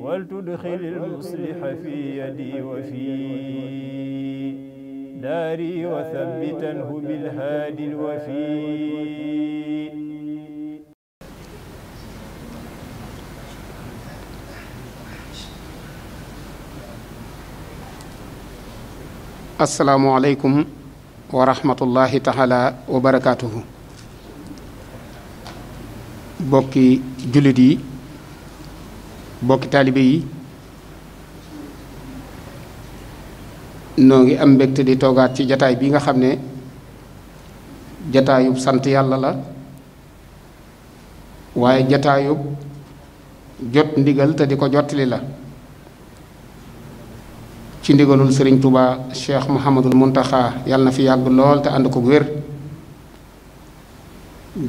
ولتدخل المصلح في يدي وفي داري وثبتنه بالهادي الوفي asalaamualeykum wa rahmatullahi taala wa barakaatuhu bokki jullit yi bokki taalibe yi noo ngi am mbégte di toogaat ci jataay bi nga xam ne jataayub sant yàlla la waaye jataayub jot ndigal te di ko jottali la ci ndigalul sëriñ Touba Cheikh Mouhamadul Mountakha yàlla na fi yàgg lool te ànd ko wér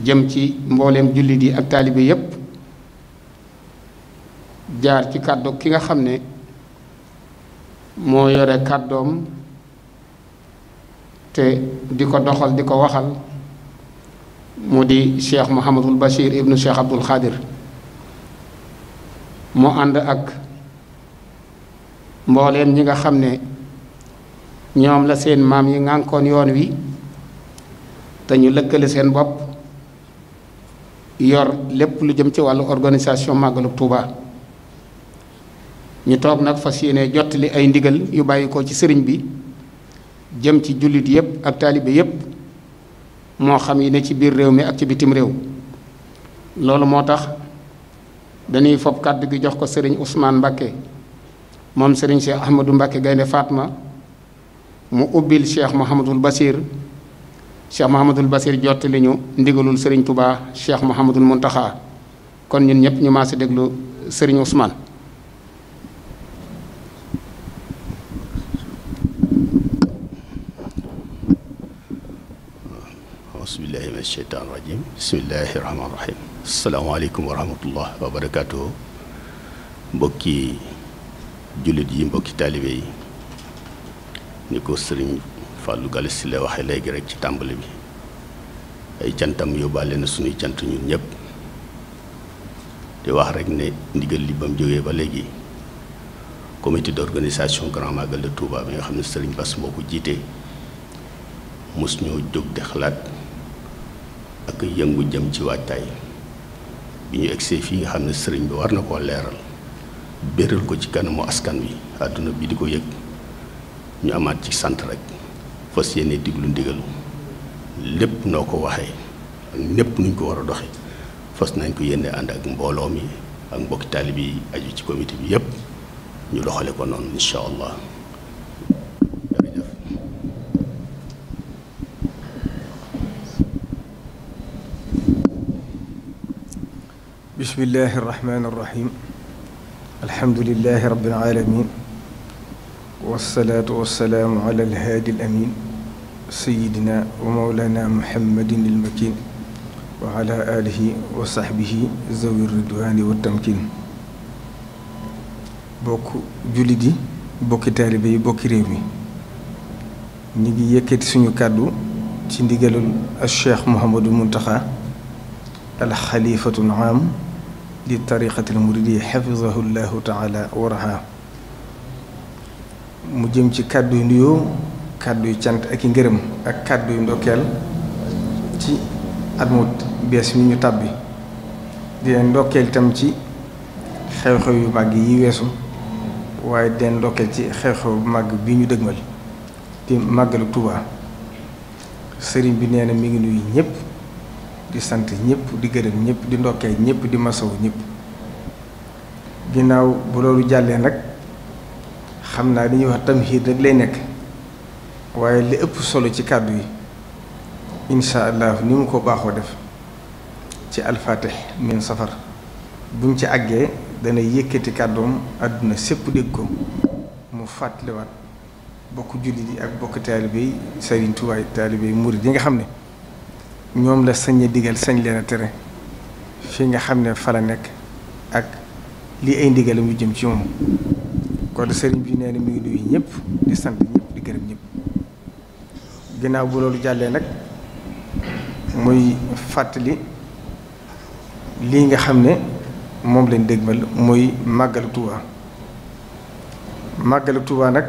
jëm ci mbooleem jullit yi ak taalibe yépp jaar ci kàddu ki nga xam ne moo yore kàddoom te di ko doxal di ko waxal mu di cheikh Mouhamadul Bachir ibnu cheikh Abdoul Khadir mu ànd ak mbooleem ñi nga xam ne ñoom la seen maam yi ngànkoon yoon wi te lëkkale seen bopp yor lépp lu jëm ci wàllu organisation màggalu Touba. ñu toog nag fas yéene jottali ay ndigal yu bàyyi ko ci sëriñ bi jëm ci jullit yépp ak taalibe yépp moo xam yi ne ci biir réew mi ak ci bitim réew loolu moo tax dañuy fob kàddu gi jox ko sëriñ Ousmane Mbakke moom sëriñ Cheikh Ahmadou Mbakke Gaynde Fatma mu ubbil Cheikh Mouhamadul Basir Cheikh Mouhamadul Basir jottali ñu ndigalul sëriñ Touba Cheikh Mouhamadul Mountakha kon ñun ñëpp ñu maase déglu sëriñ Ousmane. mina sheytaan rajim bismillahi rahmaan rahim asalaamaaleykum wa rahmatullah wa mbokki jullit yi mbokki taalibe yi ni ko sëriñ Fallou Galass Syll la waxee léegi rek ci tàmbali bi ay cantam yóbbaale na suñuy cant ñun ñëpp di wax rek ne ndigal li ba mu jógee ba léegi comité d'organisation grand magal de Touba bi nga xam ne sëriñ Bass moo ko jiitee mos ñoo jóg di xalaat ak yëngu jëm ci waajtaay bi ñu egsee fii nga xam ne sëriñ bi war na koo leeral béral ko ci kanamu askan wi àdduna bi di ko yëg ñu amaat ci sant rek fas yéene diglu ndigalu lépp noo ko waxee ak népp nuñ ko war a doxe fas nañ ko yéene ànd ak mbooloo mi ak mbokki taalibe yi aju ci comité bi yépp ñu doxale ko noonu incha allah bismillahi irrahmani irrahim alhamdulilahi rabbil alamin walsalaatu walsalaamu ala alhaadi alamin sayidina wa mawlana muhammadin ilmakin wa ala alihi zawi ridwaani wa bokk jullit yi bokki taalibe yi bokki réew mi ñu ngi yëkkati suñu kàddu ci ndigalul al cheikh Mouhamadou Mountakha al xalifatul li tariqatil muridiyya xafizahu llahu taala waraha mu jëm ci kàddu yu nuyoo kàddu yu cant ak i ngërëm ak kàddu yu ndokkeel ci at mu bees mi ñu tàbbi di ndokkeel itam ci xew-xew yu màgg yi weesu waaye di ndokkeel ci xew-xew bu màgg bi ñu dëgmal di màggalu Tuubaa sëriñ bi nee na mi ngi nuyu ñëpp. di sant ñëpp di gërëm ñëpp di ndokkee ñëpp di masawu ñëpp ginnaaw bu loolu jàllee nag xam naa li ñuy wax tamxiid rek lay nekk waaye li ëpp solo ci kàddu yi incha allah ni mu ko baaxoo def ci alfaate min safar buñ ci àggee dana yëkkati kàddoom àdduna sépp dégg ko mu fàttaliwaat bokk jullit yi ak bokk taalibe yi Sëriñ Tuubaa taalibe yi yi nga xam ne ñoom la sañ a digal sañ leen tere fi nga xam ne fa nekk ak lii ay ndigalam yu jëm ci moom kon sëriñ bi nee na mi ngi nuyu ñëpp di sant ñëpp di gërëm ñëpp ginnaaw bu loolu jàllee nag muy fàttali lii nga xam ne moom lañ dégmal muy màggalu Tuuba màggalu Tuuba nag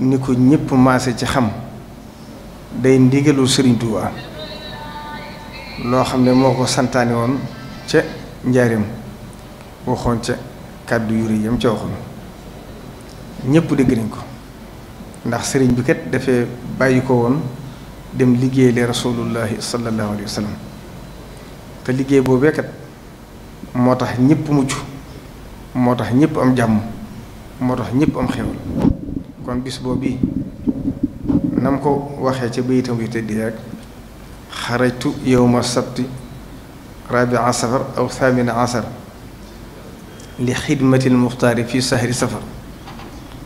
ni ko ñépp maase ci xam day ndigalul sëriñ Tuuba loo xam ne moo ko santaane woon ca njaarim waxoon ca kàddu yu yi yam ca waxoon ñëpp dégg nañ ko ndax sëriñ bi kat dafee bàyyi ko woon dem liggéey le rasulullahi sallallahu alayhi wa te liggéey boobee moo tax ñëpp mucc moo tax ñëpp am jàmm moo tax ñëpp am xewal kon bis boobu na mu ko waxee ca bayitam yu tëdd rek xarajtu yowma sabti rabia safar aw thamina asar li xidmatil muxtaari fi sahri safar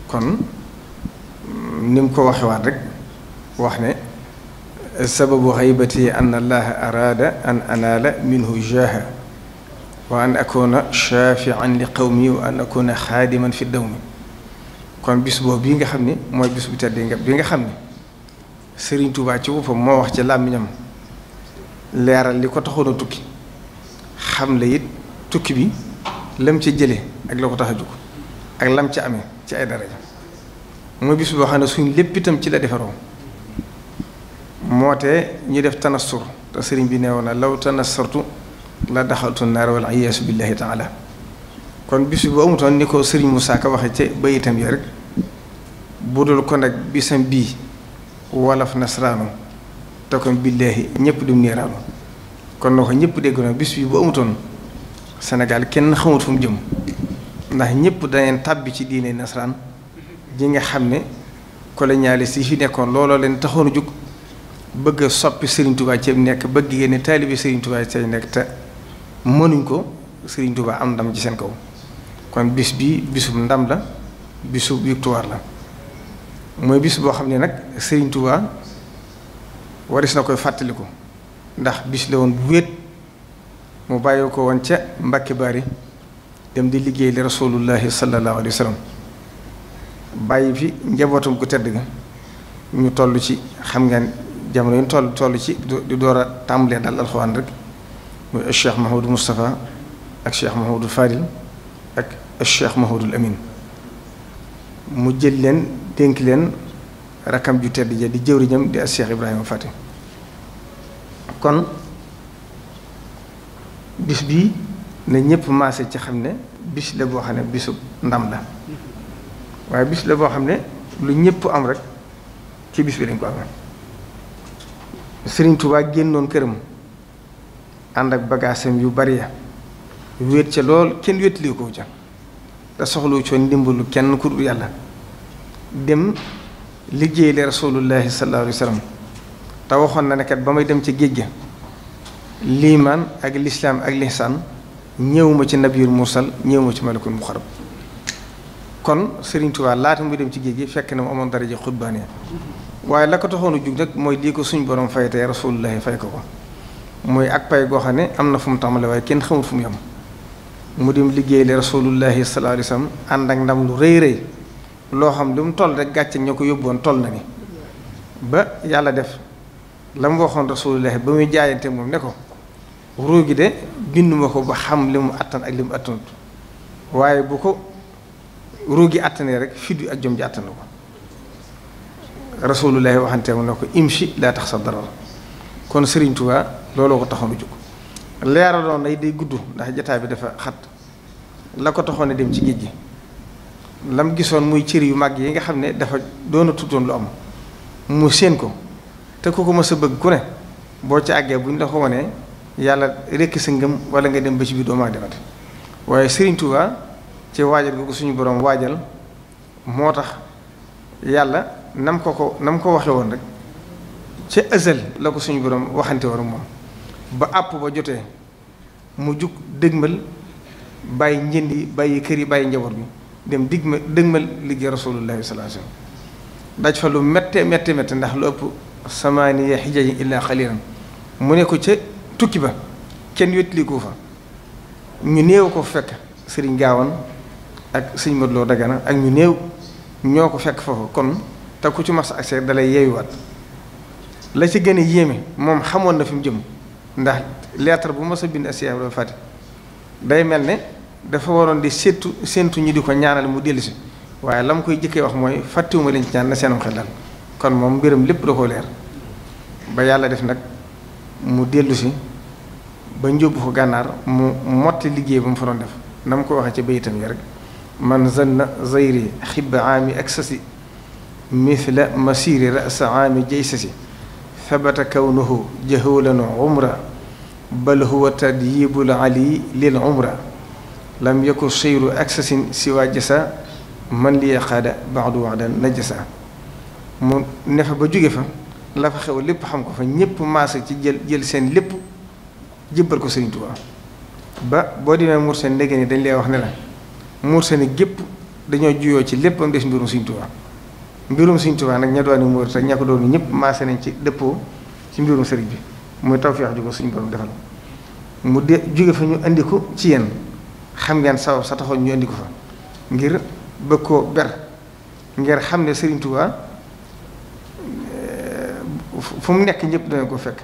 kon nim mu ko waxewaat rek wax ne sababu xaybati an allaha araada an anaala minhu jaha wa an akuna shafian li qawmi wa an akuna xaadiman fi dawmi kon bis boobu bii nga xam ne mooy bis bu tedd nga bi nga xam ne Sëriñ Tuubaa ci boppam moo wax ci làmmiñam leeral li ko taxoon a tukki xam le it tukki bi lam ci jële ak la ko tax a jóg ak lam ci amee ci ay daraja mooy bis boo xam ne suñ lépp itam ci la defaroo moo te ñu def tanassur te sëriñ bi neewoon na law tanassartu la daxaltu naar wal iyaasu billahi taala kon bis bu amutoon ni ko sëriñ mu Ka waxee ca bayitam yi rek budul ko nag bisam bii wolof nasraanu te kon billaahi ñëpp du niiraalu kon noo ko ñëpp dégg na bis bi bu amutoon Sénégal kenn xamut fu jëm ndax ñëpp daneen tàbbi ci diine nasaraan ji nga xam ne colonialiste yi si nekkoon looloo leen taxoon jug bëgg a soppi Serigne Touba ci nekk bëgg yéene taalibe Serigne Touba ci nekk te mënuñ ko Serigne Touba am ndam ci seen kaw kon bis bi bisub ndam la bisub victoire la mooy bis boo xam ne nag Serigne Touba. waris na koy fàttaliku ndax bis la woon bu wéet mu bàyyi ko woon ca Mbàkke Bari dem di liggéey li rasulullahi sallallahu alayhi wa sallam bàyyi fi njabootam ko tedd ga ñu toll ci xam nga jamono yi toll toll ci di door a tàmbalee dal alxuraan rek muy Cheikh Mahamadou Moustapha ak Cheikh Mahamadou Fadil ak Cheikh Mahamadou Amin mu jël leen dénk leen rakam ju tedd ja di jëwriñam di as Cheikh Ibrahima Fati kon bis bii na ñëpp maase ci xam ne bis la boo xam ne bisu ndam la waaye bis la boo xam ne lu ñëpp am rek ci bis bi lañ ko amee Sëriñ Tuubaa génnoon këram ànd ak bagaasam yu bari ya wéet ca lool kenn wéet ko ca te soxlu coon ndimbalu kenn ku yàlla dem liggéey le rasulullahi sallallahu alayhi wa te waxoon na ne ba may dem ci géej ga liimaan ak lislaam ak lihsaan ñëw ma ci nabiyul mursal ñëw ma ci malakul muqarrab kon Serigne Touba laata muy dem ci géej gi fekk na mu amoon daraja xutbaane waaye la ko taxoon jug nag mooy lii ko suñ borom fay tey rasulullahi fay ko ko mooy ak pay goo xam ne am na fu mu tàmbale waaye kenn xamul fu mu yem mu dem liggéey le rasulullahi sallallahu alayhi wa ànd ak ndam lu rëy rëy loo xam lu mu toll rek gàcce ñoo ko yóbboon toll na ni ba yàlla def la mu waxoon rasulullah ba muy jaayante moom ne ko ruugi de binduma ko ba xam li mu attan ak li mu attanut waaye bu ko ruugi àttanee rek fiddu ak jom ji attan ko rasulullah waxante mu ko imshi laa tax sa darar kon Serigne Touba looloo ko taxoon a jóg nay day gudd ndax jataay bi dafa xat la ko taxoon a dem ci géej gi lam gisoon muy cër yu mag yi nga xam ne dafa doon tuddoon lu am mu séen ko te ko ko mës a bëgg ku ne boo ci àggee bu ñu la ko wanee yàlla rekk sa ngëm wala nga dem ba ci biir doomaa demat waaye Serigne Touba ci waajal ko suñu boroom waajal moo tax yàlla nam ko ko nam ko waxe woon rek ca ësal la ko suñu borom waxante woon moom ba àpp ba jotee mu jug dëgmal bàyyi njënd yi bàyyi kër yi bàyyi njaboot bi dem digg ma dëgmal liggéey rasulullahi sallallahu alayhi daj fa lu métte métte métte ndax lu ëpp samaaniya xijaj illa xalilan mu ne ko ca tukki ba kenn wétliku fa ñu néew ko fekk sëriñ gaawan ak sëñ Modou Lo Dagana ak ñu néew ñoo ko fekk foofu kon te ku ci mas accès dalay yeeyuwaat la ci gën a yéeme moom xamoon na fi mu jëm ndax lettre bu mas a bind ak Cheikh Ibrahima day mel ne dafa waroon di séttu séntu ñu di ko ñaanal mu dellusi waaye la mu koy jëkkee wax mooy fàttewuma leen ci ñaan na seenam xel daal kon moom mbiram lépp da koo leer ba yàlla def nag mu dellusi ba njóbbu ko gànnaar mu motti liggéey ba mu fa doon def na mu ko waxee ca bayitam yi rek man zanna zayri xibba aami ak sasi mithla masiri rasa aami jay sasi fabata kawnuhu jahulan umra bal huwa tadyibul ali lil umra lam yakun seyru aksasin siwa sa man li yaqaada baxdu waxdan na jasa mu ne fa ba jóge fa la fa xew lépp xam ko fa ñépp maase ci jël jël seen lépp jébbal ko Sëriñ Tuubaa ba boo muur Moursène ndege ni dañ lay wax ne la Moursène gépp dañoo juyoo ci lépp am des mbirum Sëriñ Tuubaa mbirum Sëriñ Tuubaa nag ña doon muur te ña ko doon ñëpp maase nañ ci dëppoo ci mbirum sëriñ bi muy tawfeex ju ko suñu borom defal mu de jóge fa ñu andi ko ci yéen xam ngeen sabab sa taxoon ñu indi ko fa ngir bëgg koo ber ngir xam ne Serigne Touba eh, fu mu nekk ñëpp dana ko fekk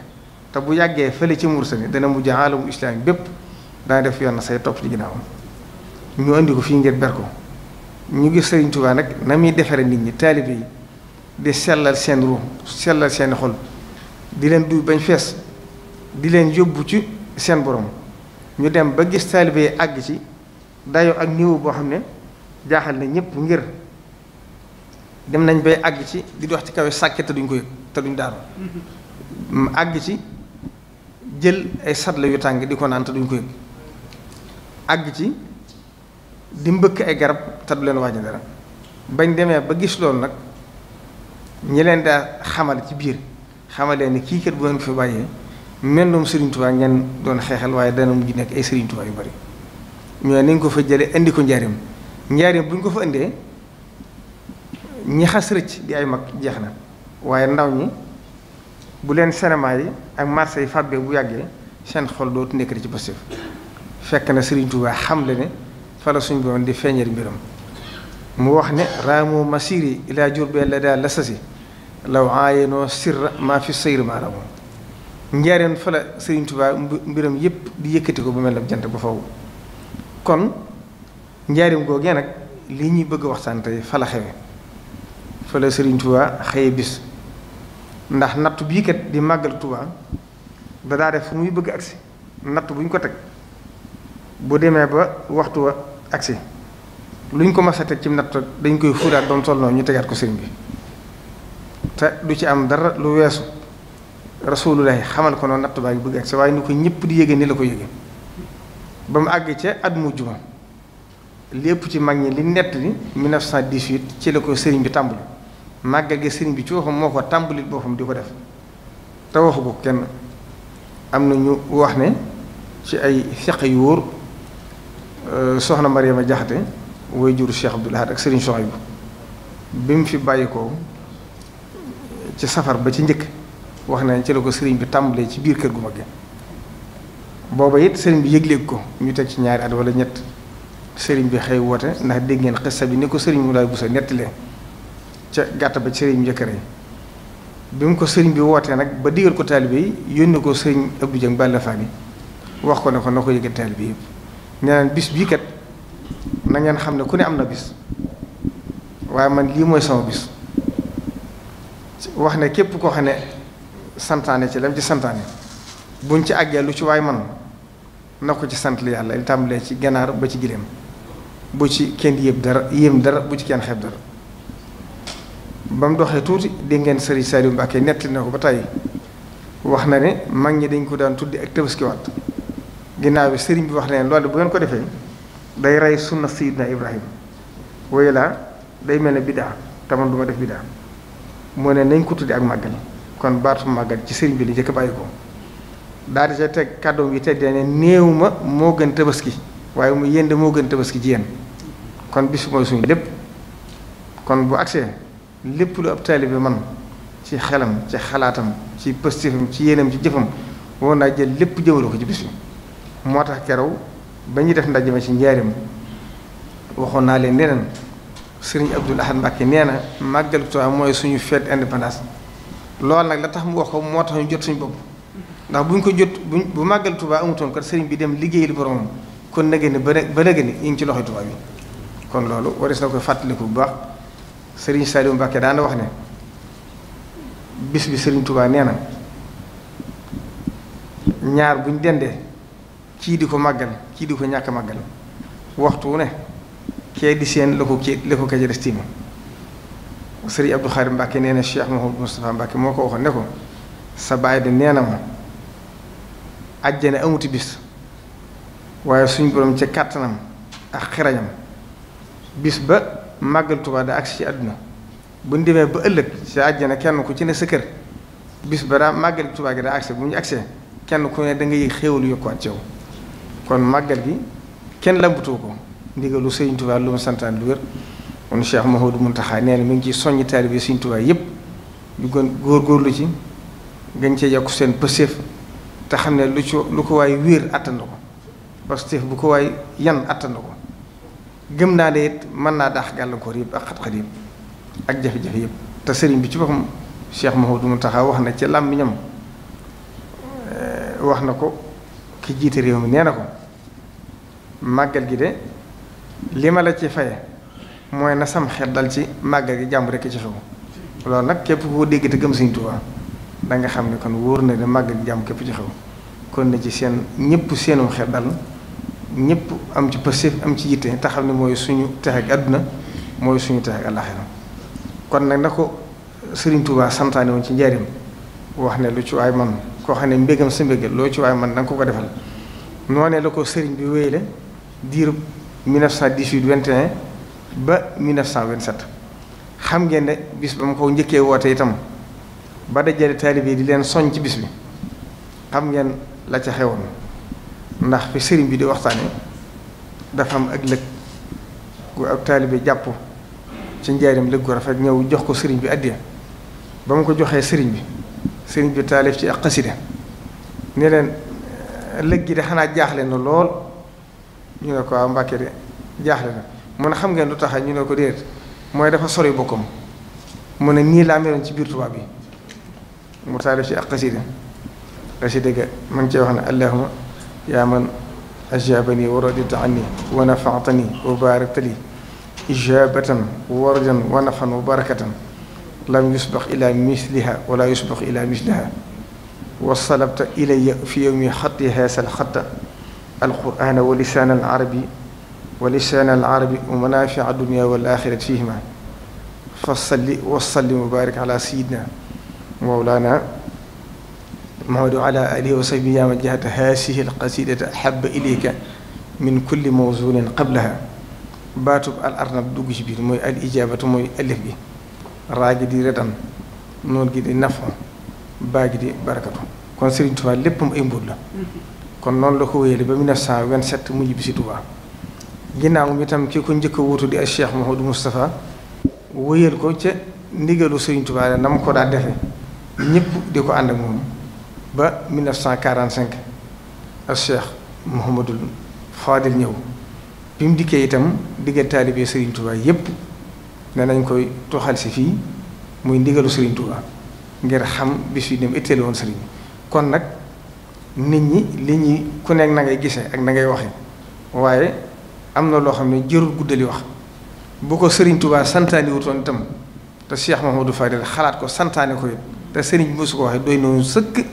te bu yàggee fële ci mursani dana mujj alamu islam bépp dana def yoon na say topp ci ginnaawam ñu indi ko fii ngir ber ko ñu gis Serigne nag na muy defaree nit ñi taalibe yi di sellal seen ruux sellal seen xol di leen duy bañ fees di leen yóbbu ci seen borom. ñu dem ba gis taalibe yi àgg ci dayoo ak niveau boo xam ne jaaxal na ñëpp ngir dem nañ bay àgg ci di dox ci kawe sàkke te duñ ko yëg te duñ daanu àgg ci jël ay satla yu tàng di ko naan te duñ ko yëg àgg ci di mbëkk ay garab te du leen wàññi dara bañ demee ba gis loolu nag ñi leen daa xamal ci biir xamal leen ni kii kër bu ngeen ko fi bàyyee mennum Serigne Touba ngeen doon xeexal waaye dana mujj nekk ay Serigne Touba yu bari mais nañ ko fa jëlee indi ko njaarim njaarim bu ñu ko fa indee ñi xas rëcc di ay mag jeex na waaye ndaw ñi bu leen cinéma yi ak marché yi fàbbee bu yàggee seen xol dootu nekk ci Pastef fekk na Serigne Touba xam le ne fala suñ borom di feeñal mbiram mu wax ne raamu masiri ilaa Jurbel la daal la sasi law aayenoo sirra maa fi sayri maa njaareem fa la Sëriñ Tuubaa mbiram yépp di yëkkati ko bu mel ne jant ba faw kon njaareem googee nag lii ñuy bëgg waxtaan tey fa la xewe fa la Sëriñ Tuubaa xëye bis ndax nattu bii kat di màggal Tuubaa da def fu muy bëgg agsi nattu bu ñu ko teg bu demee ba waxtu wa agsi lu ñu ko mas a teg ci natt dañ koy fuuraat ba mu toll ñu tegaat ko sëriñ bi te du ci am dara lu weesu rasulullahi xamal ko noonu natt baa ngi bëgg ak sa waaye ni ko ñëpp di yége ni la ko yége ba mu àgg ca at mu juma lépp ci mag ñi li nett li 1918 ci la ko sëriñ bi tàmbali màggal gi sëriñ bi ci waxam moo ko tàmbali boppam di ko def te waxu ko kenn am na ñu wax ne ci ay fiq yu wóor euh, soxna Mariama Jaxate way juru Cheikh Abdoul Ahad ak sëriñ Soxaybu bi mu fi bàyyi ko ci safar ba ci njëkk wax nañ ci la ko sëriñ bi tàmbalee ci biir kër gu mag booba it sëriñ bi yëgleeg ko ñu teg ci ñaari at wala ñett sëriñ bi xëy woote ndax dégg ngeen xista bi ni ko sëriñ mu daay busa nettalee ca gàtt ba ci sëriñ bi njëkkër bi mu ko sëriñ bi wootee nag ba digal ko taalibe yi yónni ko sëriñ Abdou Dieng Balla Fani wax ko ne ko na ko yëgal taalibe yi yëpp bis bii kat na ngeen xam ne ku ne am na bis waaye man lii mooy sama bis wax ne képp koo xam santaane ci lam ci santaane buñ ci àggee lu ci waaye man na ko ci sant li yàlla li tàmbalee ci ganaar ba ci giléem bu ci kenn yéem dara yéem dara bu ci kenn xeeb dara ba mu doxee tuuti di ngeen sëriñ Saliou Mbacke netti na ko ba tey wax na ne mag ñi dañ ko daan tuddi ak tabaskiwaat ginnaaw bi sëriñ bi wax na ne loolu bu ngeen ko defee day rey sunna Seydina Ibrahima woyu laa day mel ne biddaa taman du ma def biddaa moo ne nañ ko tuddi ak màggal kon baatu màggal ci sëriñ bi la njëkk bàyyi ko daal di ca teg kàddoom yi tedd ne néew ma moo gën tabaski waaye mu yéen de moo gën tabaski ci yéen kon bis mooy suñu lépp kon bu agsee lépp lu ab bi man ci xelam ci xalaatam ci pëstifam ci yéenam ci jëfam woon naa jël lépp jëmale ko ci bis bi moo tax keroog ba ñuy def ndaje ma ci njaarim waxoon naa leen neneen sëriñ Abdul Ahad Mbàkke nee na màggalu Tuubaa mooy suñu fête indépendance loolu nag la tax mu wax ko moo tax ñu jot suñu bopp ndax buñ ko jot buñ bu màggal Tuubaa amutoon kat sëriñ bi dem liggéey li boromam kon nag ni ba ba nag ni ci loxoy Tuubaa bi kon loolu waris na koy fàttaliku bu baax sëriñ Saliou Mbacke daana wax ne bis bi sëriñ Tuubaa nee na ñaar buñ dendee kii di ko màggal kii di ko ñàkk màggal waxtu wu ne kee di seen la ko kee la ko kaja sëriñ Abdou Khadre Mbacke nee na Cheikh Mouhamadou Moustapha Mbacke moo ko waxoon ne ko sa baay de nee na ma àjjana amuti bis waaye suñ borom ca kàttanam ak xirañam bis ba màggal Tuubaa da agsi ci àdduna bu ñu ba ëllëg ci àjjana kenn ku ci ne sa kër bis ba daa màggal Tuubaa gi daa agsi bu ñu agsee kenn ku ne da ngay xéewal yokkuwaat ci kon màggal gi kenn lambutoo ko ndigalu sëriñ Tuubaa lu mu santaan lu wér kon Cheikh Mouhamadou Mountakha nee na mi ngi ci soññ taalibe Sëriñ Tuubaa yépp ñu gën góorlu ci gën cee yokk seen pëseef te xam ne lu ci lu ko waay wéer àttan na ko pëseef bu ko waay yan àttan ko gëm naa ne it mën naa daax gàllankoor yëpp ak xat-xat yëpp ak jafe-jafe yëpp te sëriñ bi ci boppam Cheikh Mouhamadou Mountakha wax na ci làmmiñam eh, wax na ko ki jiite réew mi nee na ko màggal gi de li ma la ci faye mooy na sam xel dal ci màggal gi jàmm rekk ci xew loolu nag képp koo dégg te gëm Sëriñ Tuubaa da nga xam ne kon wóor na ne màggal gi jàmm képp ci xew kon na ci seen ñëpp seenum xel dal ñëpp am ci pëstéef am ci yitte te xam ne mooy suñu texe ak àdduna mooy suñu texe ak àllaaxira kon nag na ko Sëriñ Tuubaa santaane woon ci njaarim wax ne lu ci waay man koo xam ne mbégam sa mbégal loo ci waay man danga ko ko defal noonee la ko sëriñ bi wéyle diirub 1918 21 ba 1927 xam ngeen ne bis ba mu ko njëkkee woote itam ba dajale taalibe yi di leen soñ ci bis bi xam ngeen la ca xewoon ndax fi sëriñ bi di waxtaane dafa am ak lëg gu ak taalibe jàpp ci njaarim lëg gu rafet ñëw jox ko sëriñ bi àddiya ba mu ko joxee sëriñ bi sëriñ bi taalif ci ak xasida ne leen lëg gi de xanaa jaaxle na lool ñu ne ko am Mbàkke de jaaxle na mu ne xam ngeen lu tax ñu ne ko déet mooy dafa sori bokkam mu ne nii laa meloon ci biir tubaab bi mu taalif ci ak si xasida ga ma ngi cee wax ne allahuma yaa man ajabani wa radita anni wa nafaatani wa barakta li ijabatan wa rajan wa nafan wa barakatan lam yusbax ila misliha wala yusbax ila misliha wasalabta ilaya fi yowmi xatti haasal xatta alqurana wa lisaan al arabi wa lisaana alarabi wa manaafica addunia wal axirati fihima fa salli wa sallim wa baarik ala sayidina mawlaana Muhammad wa ala alihi wa sahbihi yaa man jahata haasihi alqasidata ahabba ilayka min kulli mawzunin qablaha baatub al arnab dugg ci biir mooy al ijaabatu mooy alif bi raa gi di redan noonu gi di nafa baa gi di barakatu kon Serigne Touba lépp mu ay mbóot la mm-hmm. kon noonu la ko wéyale ba 1927 mu ñibbi si Touba ginnaaw bi itam ki ko njëkk a di ay Cheikh Mouhamadou Moustapha wéyal ko ca ndigalu Sëriñ Tuubaa na ko daa defe ñëpp di ko ànd ak moom ba 1945 ak Cheikh Mouhamadou Fadil ñëw bi mu dikkee itam diggante taalibe Sëriñ Tuubaa yépp ne nañ koy toxal si fii muy ndigalu Sëriñ Tuubaa ngir xam bis yi dem itteelu woon sëriñ kon nag nit ñi li ñuy ku nekk na ngay gisee ak na ngay waxe waaye am na loo xam ne jërul guddali wax boo ko Serigne Touba santaani wutoon itam te Cheikh Mahamadou Fadil xalaat ko santaane ko it te Serigne bi mosu ko waxee doy noonu sëkk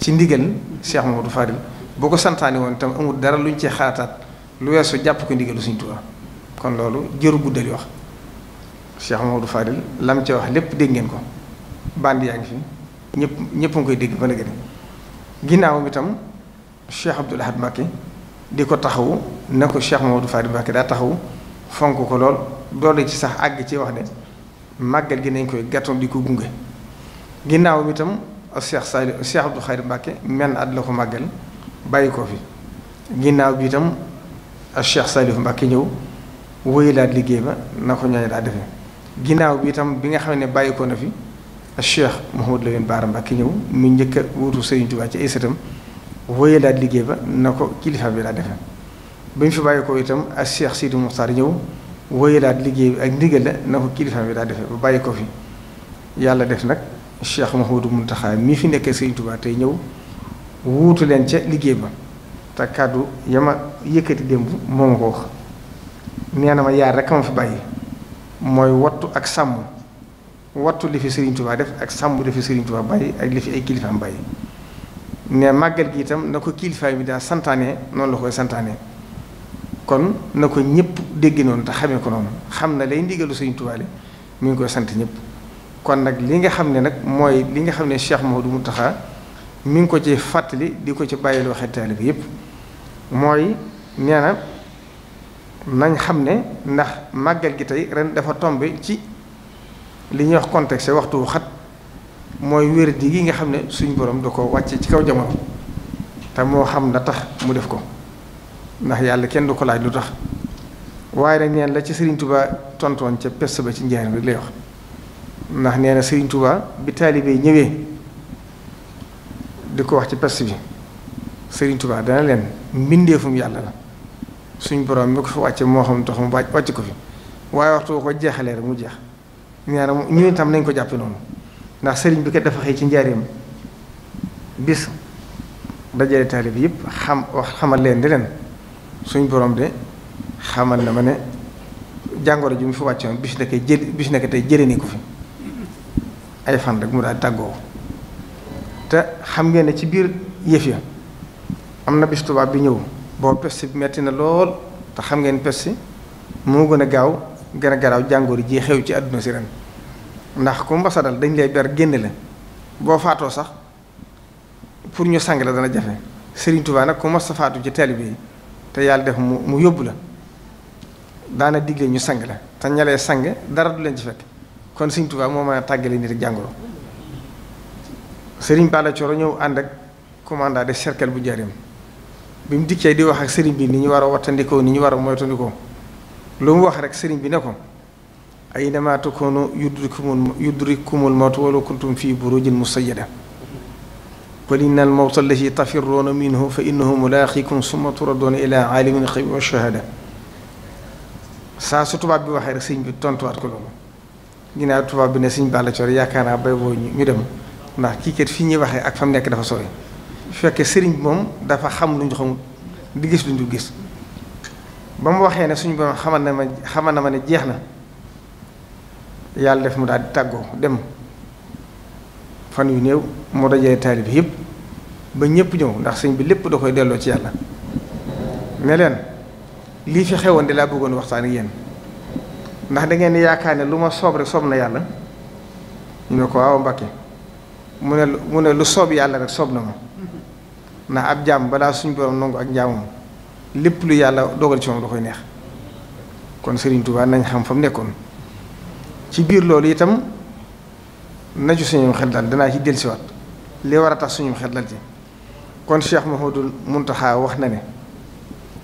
ci ndigal Cheikh Mahamadou Fadil bu ko santaane woon tam amul dara luñ ci xalaataat lu weesu jàpp ko ndigalu Serigne Touba kon loolu jërul yi wax Cheikh Mahamadou Fadil lam ca wax lépp dégg ngeen ko band yaa ngi fi ñëpp ñëpp koy dégg ba na gën ginnaaw bi itam Cheikh Abdoul Ahad di ko taxawu ne ko Cheikh Mamadou Fadil Mbacké daa taxawu fonk ko lool doole ci sax àgg ci wax ne màggal gi nañ koy gàttoon di ko gunge ginnaaw bi itam Cheikh Sali Cheikh Abdou Khadre Mbacké menn at la bàyyi ko fi ginnaaw bi itam ak Cheikh Salif Mbacké ñëw wóyalaat liggéey ba na ko ñooñu daa defee ginnaaw bi itam bi nga xam ne bàyyi ko na fi ak Cheikh Mouhamadou Lamine Bara Mbacké ñëw mu njëkk a wuutu Serigne ci ay sëtam wóoyee daal liggéey ba na ko kilifa bi daa defe ba ñu fi bàyyi ko itam ak Cheikh Sidi Mokhtar ñëw woyelaat liggéey bi ak ndigal la na ko kilifa bi daa defe ba bàyyi ko fi yàlla def nag Cheikh Mouhamadou Mountakha mii fi nekkee Serigne Touba tey ñëw wuutu leen ca liggéey ba te kàddu yama yëkkati démb moom ko wax nee ma yaar rek ma fi bàyyi mooy wattu ak sàmm wattu li fi Serigne Touba def ak sàmm li fi Serigne Touba bàyyi ak li fi ay kilifaam bàyyi. ne màggal gi itam na ko kilifaay bi daa santaane noonu la koy santaane kon na ko ñëpp dégg noonu te xamee ko noonu xam na lay ndigalu Sëriñ Tuubaa mi ngi koy sant ñëpp kon nag li nga xam ne nag mooy li nga xam ne Cheikh Maodo taxa mi ngi ko ci fàttali di ko ci bàyyil waxe taalibe yëpp mooy nee nag nañ xam ne ndax màggal gi tey ren dafa tombe ci li ñuy wax contexte waxtu wu xat mooy wéradi gi nga xam ne suñ borom da ko wàcce ci kaw jamono te moo xam la tax mu def ko ndax yàlla kenn du ko laaj lu tax waaye nag neen la ci sëriñ tubaa tontoon ca pest ba ci njaaram rek lay wax ndax nee na Serigne Touba bi taalibee ñëwee di ko wax ci pest bi sëriñ tubaa dana leen mbindeefum yàlla la suñ borom mi ko fi wàcce moo xam tax mu wàcc ko fi waaye waxtu ko jeexalee rek mu jeex nee na ñu itam nañ ko jàppe noonu ndax sëriñ bi kat dafa xëy ci njaareem bis dajale taalib yëpp xam xamal leen di leen suñ borom de xamal na ma ne jàngoro ji mu fi wàccoon bis nekkee jël bis nekk tey jëlee ko fi ay fan rek mu daal tàggoo te xam ngeen ne ci biir yëf ya am na bis tubaab bi ñëw boobu pes bi metti na lool te xam ngeen pes si moo gën a gaaw gën a garaaw jàngoro ji xew ci àdduna si ren ndax ku mbasa dal dañ lay ber génne la boo faatoo sax pour ñu sang la dana jafe Serigne Touba nag ku mas faatu ci taalibe yi te yàlla def mu mu yóbbu la daana digle ñu sang la te ñalee sang dara du leen ci fekk kon Serigne Touba moo mën a tàggale nit ak jàngoro Serigne Balla Coro ñëw ànd ak commandant de serkel bu jarim bi mu dikkee di wax ak sëriñ bi ni ñu war a wattandikoo ni ñu war a moytandikoo lu mu wax rek sëriñ bi ne ay aynama takunu yudrikumul yudrikumul mawtu walaw kuntum fi burujin musayyada qul inna al mawta allazi tafirruuna minhu fa su ma summa turadduuna ila aalimin xaybi wa shahaada saa su tubaab bi waxee rek sëñ bi tontuwaat ko loolu ginnaaw tubaab bi ne sëñ Balla Coor yaakaar naa bay boo ñu dem ndax kii kat fii ñuy waxee ak fa mu nekk dafa sori fekke sëriñ moom dafa xam lu ñu xamul di gis lu ñu gis ba mu waxee ne suñu borom xamal ma xamal na ma ne jeex na yàlla def mu daal di tàggoo dem fan yu néew mu dajee taalib yëpp ba ñëpp ñëw ndax sëñ bi lépp da koy delloo ci yàlla ne leen lii fi xewoon di laa bëggoon waxtaan ak yéen ndax da ngeen yaakaar ne lu ma soob rek soob na yàlla ñu ne ko waaw Mbàkke mu ne mu ne lu soob yàlla rek soob na ma ndax ab jaam balaa suñ borom nangu ak njaamam lépp lu yàlla dogal ci moom da koy neex kon Sëriñ Tuubaa nañ xam fa mu nekkoon. ci biir loolu itam na ci suñu xel dal danaa ci dellusiwaat li war a tax suñu xel dal ci kon Cheikh Mouhamadou Mountakha wax na ne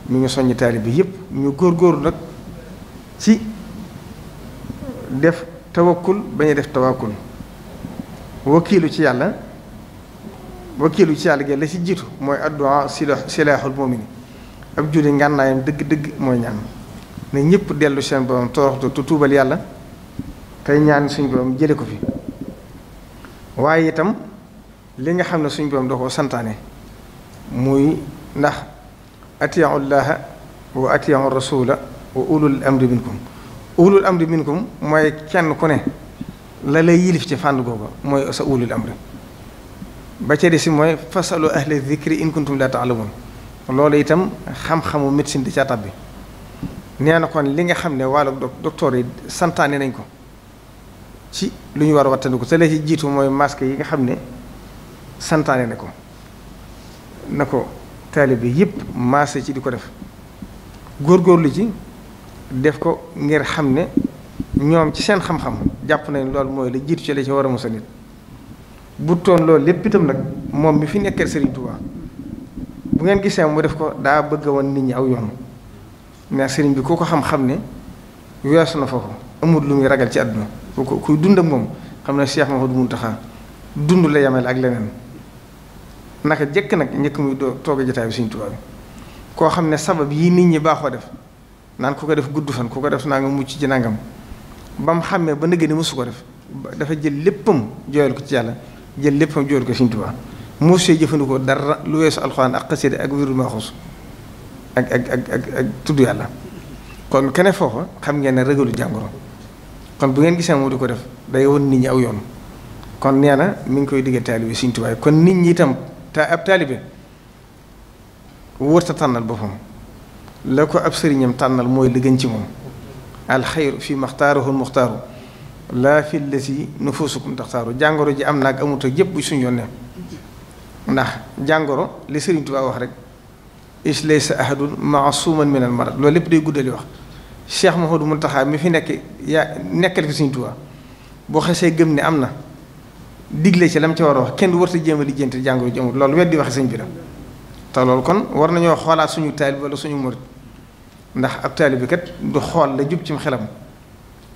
mu ngi soññ bi yépp ñu góor góor nag ci def tawakkul ba a def tawakkul wakiilu ci yàlla wakiilu ci yàlla gi la ci jiitu mooy addu'a silaaxul mu'min ab julli ngànnaayam dëgg-dëgg mooy ñaan ne ñëpp dellu seen borom toroxtu tuubal yàlla. tey ñaan suñ borom jële ko fi waaye itam li nga xam ne suñ borom da ko santaane muy ndax atiyahu llaha wa atiyahu rasula wa ulul amri minkum ulul amri minkum mooy kenn ku ne la lay yilif ci fànn googu mooy sa ulul amri ba ca si mooy fasalu ahla zikri in kuntum la taalamun loolu itam xam-xamu médecine di ca nee na kon li nga xam ne wàllu docteur yi santaane nañ ko ci lu ñu war a wattandiku te la ci jiitu mooy masque yi nga xam ne santaane na ko na ko taalibe yépp maase ci di ko def góor góorlu ci def ko ngir xam ne ñoom ci seen xam-xam jàpp nañ lool mooy la jiitu ci la ci war a mos nit bu toon loolu lépp itam nag moom mi fi nekkee Serigne Touba bu ngeen gisee mu def ko daa bëgg woon nit ñi aw yoon mais Serigne bi ku ko xam-xam ne weesu na foofu amul lu muy ragal ci àdduna ku ko kuy dund ak moom xam ne Cheikh Mouhamadou Mountakha dund la yemale ak leneen naka jëkk nag njëkk muy doo toog a jotaay bi Sëriñ Tuubaa bi koo xam ne sabab yi nit ñi baaxoo def naan ku ko def gudd fan ku ko def naa nga mucc ci nangam ba mu xàmmee ba nëgg ni mosu ko def dafa jël léppam jooyal ko ci yàlla jël léppam jooyal ko Sëriñ Tuubaa mosee jëfandikoo dara lu weesu alxuraan ak xasida ak wirdu maxuus ak ak ak tudd yàlla kon keneen foofa xam ngeen ne rëgalu jàngoro kon bu ngeen gisee moom di ko def day won nit ñi aw yoon kon nee na mu ngi koy digge taalibe Sëriñ Tuubaa kon nit ñi itam te ab taalibe wërta tànnal boppam la ko ab sëriñam tànnal mooy li ci moom alxayru fi maxtaaruhu muxtaaru laa fi lati nufusukum taxtaaru jàngoro ji am na ak ak yëpp bu suñu yoon ndax jàngoro li Sëriñ Tuubaa wax rek is laysa ahadun maasuman min al marad loolu lépp day guddali wax Cheikh mu Mountakha mi fi nekk yaa nekkal fi suñu Tuubaa boo xasee gëm ne am na digle ci lam ci war wax kenn warut a jéem a lijjanti jàngoro ji amul loolu weddi wax sëñ bi la te loolu kon war nañoo xoolaat suñu taalib wala suñu murit ndax ab taalib bi kat du xool la jub ci xelam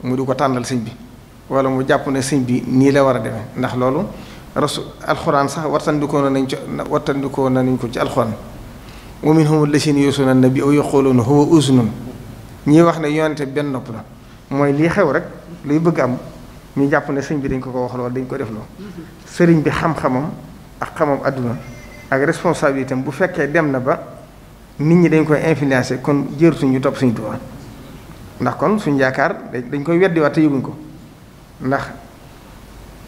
mu du ko tàndal sëñ bi wala mu jàpp na sëñ bi nii la war a demee ndax loolu rasu alxuraan sax wartandikoo nañ ci wartandikoo nañ ko ci alxuraan wa minhum allasina yusuuna nabi aw yaquluuna huwa uzunun ñii wax ne yonente benn nopp la mooy lii xew rek luy bëgg am ñu jàpp ne sëñ bi dañ ko ko wax lool dañ ko def loo sëriñ bi xam-xamam ak xamam àdduna ak responsabilité bu fekkee dem na ba nit ñi dañ koy influencé kon jërtuñ ñu topp suñu Tuubaa ndax kon suñu yaakaar dañ koy weddiwaat te yëguñ ko ndax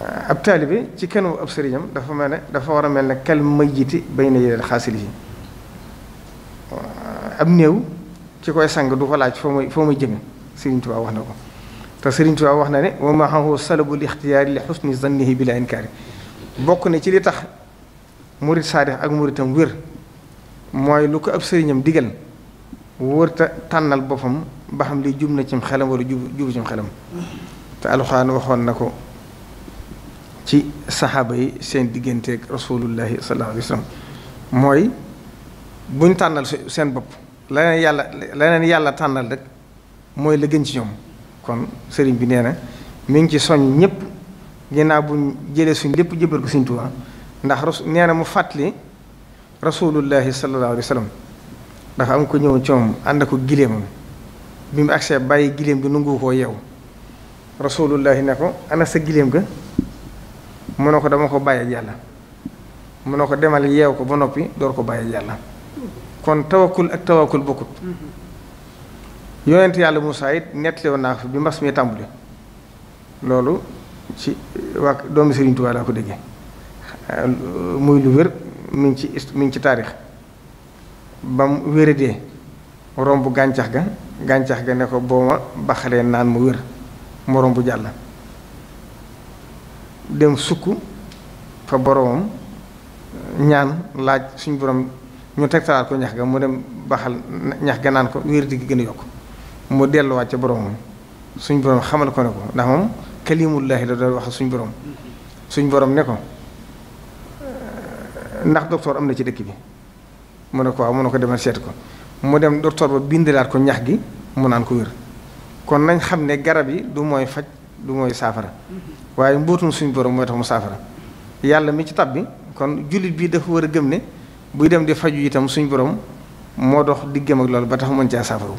euh, ab taalibe ci kenn ab sëriñam dafa mel ne dafa war a mel ne kal may jiti bay na yeneen xaasil yi ab néew ci koy sang du ko laaj foo muy foo muy jëme Serigne wax na ko te Serigne Touba wax na ne wa maahu salabul ixtiyaari li xusni zannihi bila inkaari bokk na ci li tax murit saadix ak muritam wér mooy lu ko ab sëriñam digal wërta tànnal boppam ba xam li jub na cim xelam wala jub jubu cim xelam te alxuraan waxoon na ko ci saxaaba yi seen digganteeg rasulullahi sallallahu alayhi wa sallam mooy buñ tànnal seen bopp leneen yàlla leneen yàlla tànnal rek mooy la gën ci ñoom kon sëriñ bi nee na mi ngi ci soñ ñëpp ginnaaw buñ jëlee suñ lépp jëbal ko Sëriñ ndax ras nee mu fàttali rasulullahi sallallahu alayhi wa sallam am ko ñëw ci moom ànd ko gileemam bi mu agsee bàyyi gileem gi nungu koo yeew rasulullahi ne ko ana sa gileem ga mu ne ko dama ko bàyyi yàlla mu ne ko demal yeew ko ba noppi door ko bàyyi yàlla kon tawakkul ak tawakul bokkut yonent yàlla mu it nettali woon naa fi bi mbas mi tàmbali loolu ci euh, waa doomi Serigne Touba laa ko déggee euh, muy lu wér mi ngi ci mi ci taarix ba mu wéradee romb gàncax ga gàncax ga ne ko boo ma baxalee naan mu wér mu romb jàll dem sukk fa boromam ñaan laaj suñ borom. ñu tegtalaat ko ñax ga mu dem baxal ñax ga naan ko wér di gën a yokk mu delluwaat ca boromam suñ borom xamal ko ne ko ndax moom kalimullahi la doon wax suñ borom suñ borom ne ko euh, ndax docteur am na ci dëkk bi mu ne ko waaw mu ne ko demal seet ko mu dem docteur ba bindalaat ko ñax gi mu naan ko wér kon nañ xam ne garab yi du mooy faj du mooy saafara waaye mbootum suñ borom mooy tax mu saafara yàlla mi ci tab bi kon jullit bi dafa war a gëm ne buy dem di faju itam suñ borom moo dox diggam ak loolu ba tax mën caa saafaru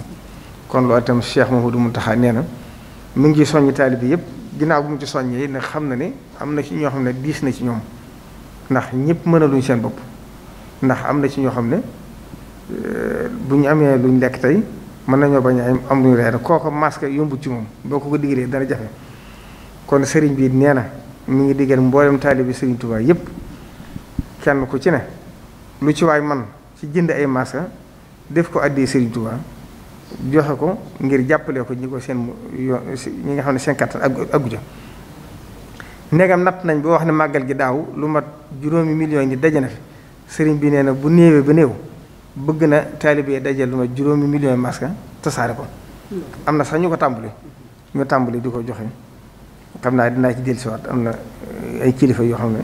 kon loo itam Cheikh Mouhamadou Mountakha nee na mu ngi soññi taalibe yëpp ginnaaw bu mu ci soññee ne xam na ne am na ci ñoo xam ne diis na ci ñoom ndax ñëpp mënaluñ seen bopp ndax am na ci ñoo xam ne eh, bu ñu amee luñ lekk tey mën nañoo bañ a am luñ reer kooko masque yombut ci moom boo ko ko diggalee dana jafe kon sëriñ bi nee na mi ngi diggal mboolem taalibe Sëriñ Tuubaa yëpp kenn ku ci ne. lu ci waay man ci jënd ay maska def ko àddee Sëriñ Tuubaa joxe ko ngir jàppale ko ñi ko seen yoon ñi nga xam ne seen kattan ak negam ndegam natt nañ boo wax ne màggal gi daaw lu mat juróomi million yi daje na fi sëriñ bi nee na bu néewee ba néew bëgg na taalibee dajal lu mat juróomi million maska tasaare ko hmm. am na sax ñu ko tàmbali ñu tàmbali di ko joxe xam naa dinaa ci dellusiwaat am na eh, ay kilifa yoo xam ne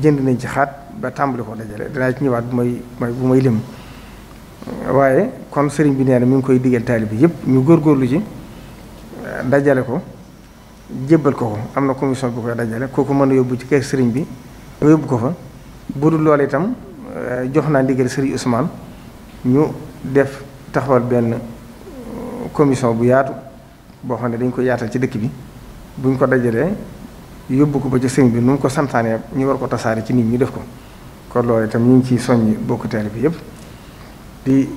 jënd nañ ci xaat ba tàmbali ko dajale dinaa ci ñëwaat bu may bu may lim waaye kon sëriñ bi nee na mi ngi koy digal taalibe yëpp ñu góorgóorlu ci eh, dajale ko jébbal ko ko am na commission bu koy dajale ko mën a yóbbu ci kër sëriñ bi mu ko fa bu dul itam eh, jox naa ndigal sëriñ Ousmane ñu def taxawal benn eh, commission bu yaatu boo xam ne dañ ko yaatal ci dëkk bi buñ ko dajale yóbbu ko ba ci sëriñ bi nu mu ko santaanee ñu war ko tasaare ci nit ñi def ko kon loolu itam ñu ngi ci soññ bokk taalibe bi yëpp di eh,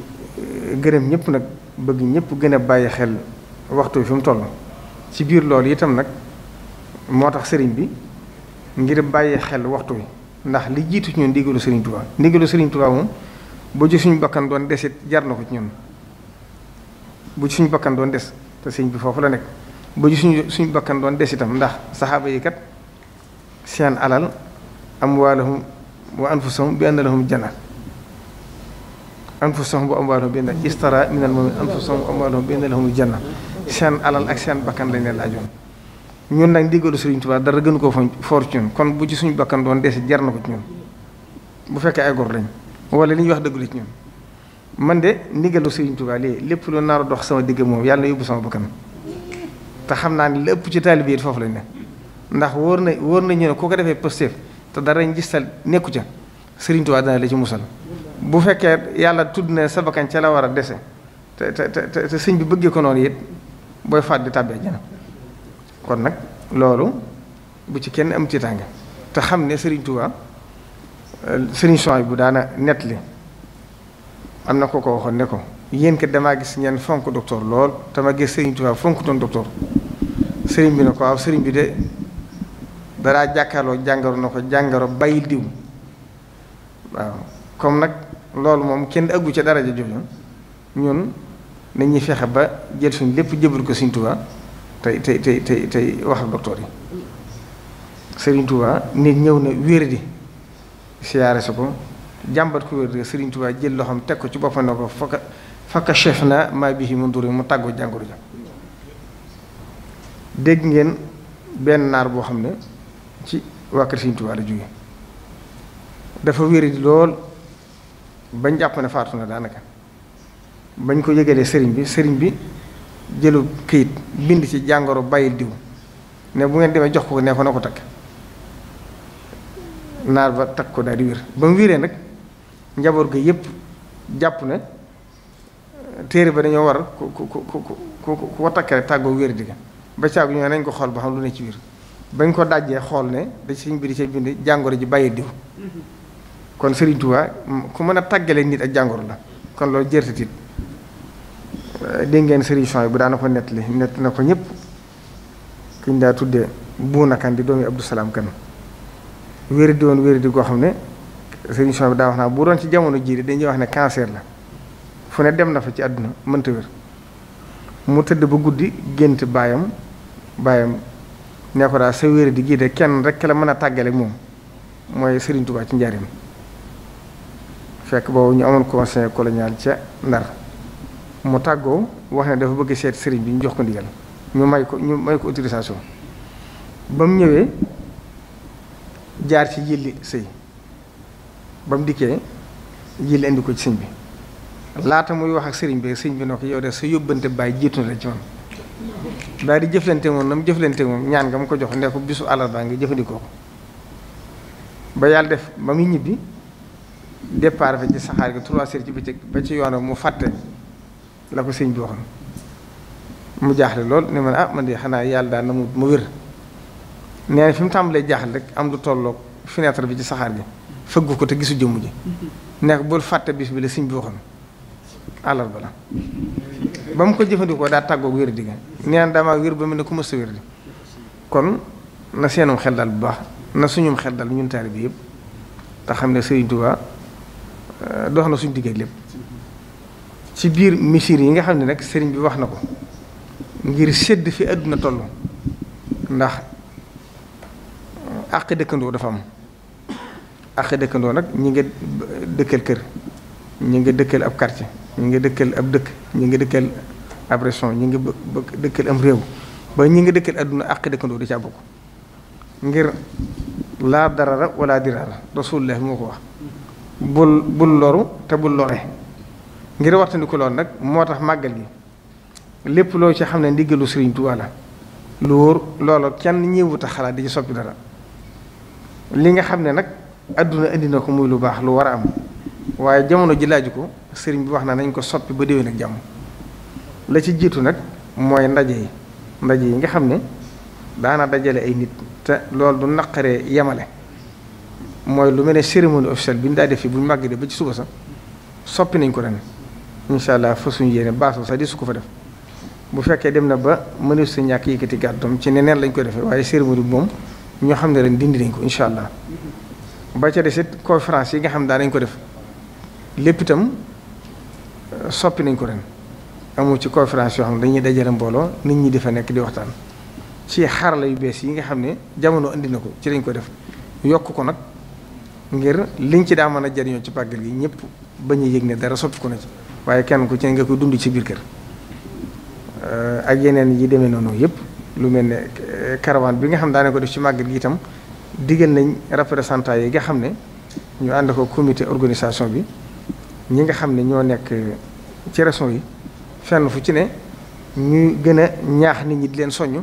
gërëm ñëpp nag bëgg ñëpp gën a bàyyi xel waxtu fi mu toll ci biir loolu itam nag moo tax sëriñ bi ngir bàyyi xel waxtu wi ndax li jiitu ci ñun ndigalu sëriñ Tuubaa ndigalu sëriñ Tuubaa moom bu suñu bakkan doon desit jar na ko ci ñun bu ci suñu bakkan doon des te sëriñ bi foofu la nekk bu suñu suñu bakkan doon des itam ndax saxaaba yi kat seen alal am waalahum wa anfusahum bi anna lahum janna anfusahum wa amwaalahum bi anna istara minal mu'miniina anfusahum wa amwaalahum bi anna lahum seen alal ak seen bakkan lañ leen laajoon ñun nag ndigalu Sëriñ Tuubaa dara gën koo foor ci ñun kon bu ci suñu bakkan doon si jar na ko ci ñun bu fekkee ay góor lañ wala li ñuy wax dëgg la ci ñun man de ndigalu Sëriñ Tuubaa lii lépp lu naar a dox sama digg moom yàlla na yóbbu sama bakkan te xam naa ne lépp ci taalibe yi foofu lañ ne ndax wóor na wóor nañu ne koo ko defee Pastef te dara ngistal nekku ca Sëriñ Tuubaa dana la ci musal bu fekkee yàlla tudd na sa bakkan ca la war a dese te te te sëñ bi bëggee ko noonu it booy fàddi tàbbee jana kon nag loolu bu ci kenn am tiitaange te xam ne Sëriñ Tuubaa Sëriñ Suwaay bu daana nettali am na ko ko waxoon ne ko yéen kat damaa gis ngeen fonk docteur lool te ma gis Sëriñ Tuubaa fonk doon docteur sëriñ bi ne ko waaw sëriñ bi de danaa jàkkaarloo jàngoro na ko jàngoro bay diw waaw comme nag loolu moom kenn ëggu ca daraja jooju ñun nañuy fexe ba jël suñ lépp jëbal ko Sëriñ Tuubaa tey tey tey tey tey wax yi Sëriñ Tuubaa nit ñëw na wér di siyaare sa ko jàmbat ku wér di Sëriñ Tuubaa jël loxoom teg ko ci boppam ne ko fakka fakka chef na maa bii mu nduru mu tàggoo jàngoro ja dégg ngeen benn naar boo xam ne ci waa kër Sëriñ Tuubaa la dafa wéradi lool bañ jàpp ne faatu na daanaka bañ ko yëgalee sëriñ bi sëriñ bi jëlu këyit bind ci jàngoro bàyyil diw ne bu ngeen demee jox ko ne ko na ko takk naar ba takk ko daal di wér ba mu wéree nag njaboot ga yépp jàpp ne téere ba dañoo war ku ku ku ku ko takk rek tàggoo wér di ba caagu ñoo nañ ko xool ba xam lu ne ci wér bañ ko dajjee xool ne da suñ jàngoro ji bàyyi diw kon Serigne ku mën a tàggale nit jàngoro la kon loolu jërtatit euh, dégg ngeen Serigne Souhaïbou bu daana ko nettali nett na ko ñëpp kuñ daa tuddee Buuna Kan di doomi Abdou Salaam Kan wéri xam ne Serigne Souhaïbou bu daa wax naa bu doon ci jamono jii dañuy wax ne cancer la fu ne dem na fa ci àdduna mënta wér mu tëdd ba guddi gént baayam baayam ne ko daal sa wér di gii de kenn rekk la mën a tàggale moom mooy Serigne Touba ci njaarim fekk boobu ñu amoon conseil colonial ca Ndar mu tàggoo wax ne dafa bëgg seet sëriñ bi ñu jox ko ndigal ñu may ko ñu may ko autorisation ba mu ñëwee jaar ci jilli sëy ba mu dikkee jilli indi ko ci sëñ bi laata muy wax ak sëriñ bi sëñ bi noo ko yow de sa yóbbante baay jiitu na la ci man daal di jëflante moom na mu jëflante moom ñaan nga mu ko jox ne ko bisu àllarba nga jëfandikoo ko ba yàlla def ba muy ñibbi départ fa ci saxaar gi trois heures ci bëccëg ba ci yoonam mu fàtte la ko sëñ bi waxoon mu jaaxle lool ne man ah man de xanaa yàlla daal na mu mu wér nee fi mu tàmbalee jaaxle rek am lu tolloog fenêtre bi ci saxaar gi fëggu ko te gisu jëmm ji nekk ko bul fàtte bis bi la sëñ bi waxoon àllarba la ba mu ko jëfandikoo daa tàggoog wér di nga neen dama wér ba mu ne ku mës a wér di kon na seenum xel dal bu baax na suñum xel dal ñun taalibe yëpp te xam ne Sëriñ Tuubaa euh, dox na suñ digg lépp ci biir misir yi nga xam ne nag sëriñ bi wax na ko ngir sedd fi àdduna toll ndax àqi dëkkandoo dafa am àqi dëkkandoo nag ñi nga dëkkal kër ñi nga dëkkal ab quartier ñi ngi dëkkal ab dëkk ñi ngi dëkkal ab région ñi ngi dëkkal am réew ba ñi ngi dëkkal àdduna àq dëkkandoo di ca bokk ngir laa dara darara wala dirara rasulullah moo ko wax bul bul loru te bul lore ngir waxtandiku loolu nag moo tax màggal gi lépp loo ci xam ne ndiggalu Sëriñ Tuubaa la lu wóor loolu kenn ñëwut a xalaat di ci soppi dara li nga xam ne nag àdduna indi na ko muy lu baax lu war a am waaye jamono ji laaj ko sëriñ bi wax naa nañ ko soppi ba déwén ak jàmm la ci jiitu nag mooy ndaje yi ndaje yi nga xam ne daana dajale ay nit te loolu du naqaree yemale mooy lu mel ne cérémonie officielle bi ñu daa def fi bu ñu de ba ci suba sax soppi nañ ko ren incha allah fa suñu yéene baaso sax di su ko fa def bu fekkee dem na ba mënees sa ñàkk yëkkati gàddoom ci neneen lañ ko defee waaye cérémonie bi moom ñoo xam ne ren dindi nañ ko incha allah ba ca des it yi nga xam daanañ ko def lépp itam soppi nañ ko ren amu ci conférence yoo xam ne dañuy dajale mbooloo nit ñi di fa nekk di waxtaan ci xarala yu bees yi nga xam ne jamono indi na ko ci lañ ko def yokk ko nag ngir liñ ci daa mën a jariñoo ci pàggal gi ñëpp ba a yëg ne dara soppi ko na ci waaye kenn ku ci nga koy dund ci biir kër ak yeneen yi demee noonu yëpp lu mel ne caravane bi nga xam daane ko def ci màggal gi itam digal nañ représentant yi nga xam ne ñu ànd ko organisation bi ñi nga xam ne ñoo nekk ci régions yi fenn fu ci ne ñuy gën a ñaax nit ñi di leen soññ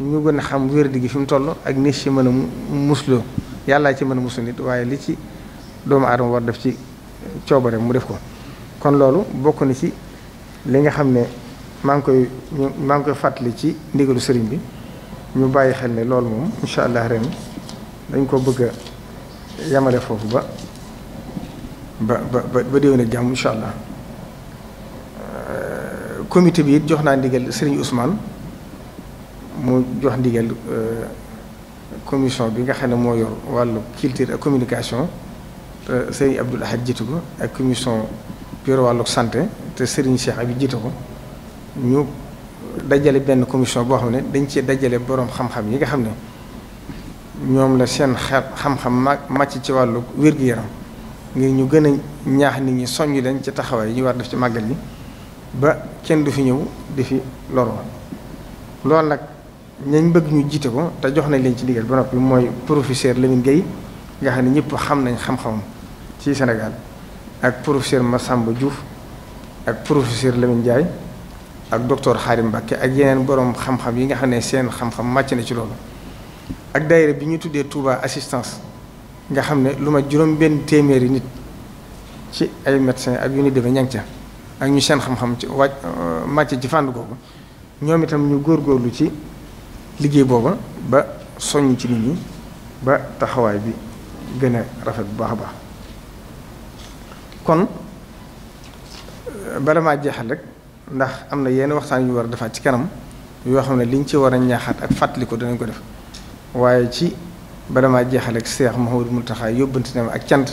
ñu gën a xam wér-di gi fi mu toll ak ni ci mën a musloo yàllaa ci mën a muslu nit waaye li ci doomu aadama war def ci coobare mu def ko kon loolu bokk na ci li nga xam ne maa ngi koy maa ngi koy fàttali ci ndigalu sëriñ bi ñu bàyyi xel ne loolu moom incha allah ren dañ ko bëgg yamale foofu ba ba ba ba déwén ak jàmm incha allah euh, comité bi it jox naa ndigal Serigne Ousmane mu jox ndigal euh, commission bi nga xam ne moo yor wàllu culture ak communication te Serigne Abdoul Ahad jiitu ko ak commission yor wàllu santé te Serigne Cheikh Abi jiitu ko ñu dajale benn commission boo xam ne dañ ci dajale borom xam-xam yi nga xam ne ñoom la seen xeet xam-xam màcc ci wàllu wér-gu-yaram. ngir ñu gën a ñaax nit ñi soññ leen ca taxawaay yi ñu war def ci màggal yi ba kenn du fi ñëw di fi loroo loolu nag ñañ bëgg ñu jiite ko te jox nañ leen ci digal ba noppi mooy professeur Lamine Gueye nga xam ne ñëpp xam nañ xam-xamam ci Sénégal ak professeur Massamba Diouf ak professeur Lamine jaay ak docteur Xaarim Mbacke ak yeneen borom xam-xam yi nga xam ne seen xam-xam màcc na ci loolu ak daayira bi ñu tuddee Touba assistance. nga xam ne lu ma juróom-benn téeméeri nit ci ay médecins ak yu ni demee ña ca ak ñu seen xam-xam ci wàcc euh, màcc ci fànn googu ñoom itam ñu góor góorgóorlu ci liggéey booba ba soññ ci nit ñi ba taxawaay bi gën a rafet bu baax a baax kon bala maa jeexal rek ndax am na yenn waxtaan yu war a defaat ci kanam yoo xam ne liñ ci war a ñaaxaat ak fàttali ko danañ ko def waaye ci. ba damaa jeexale ak Seex Mouhamadou Mountakha yóbbante na ma ak cant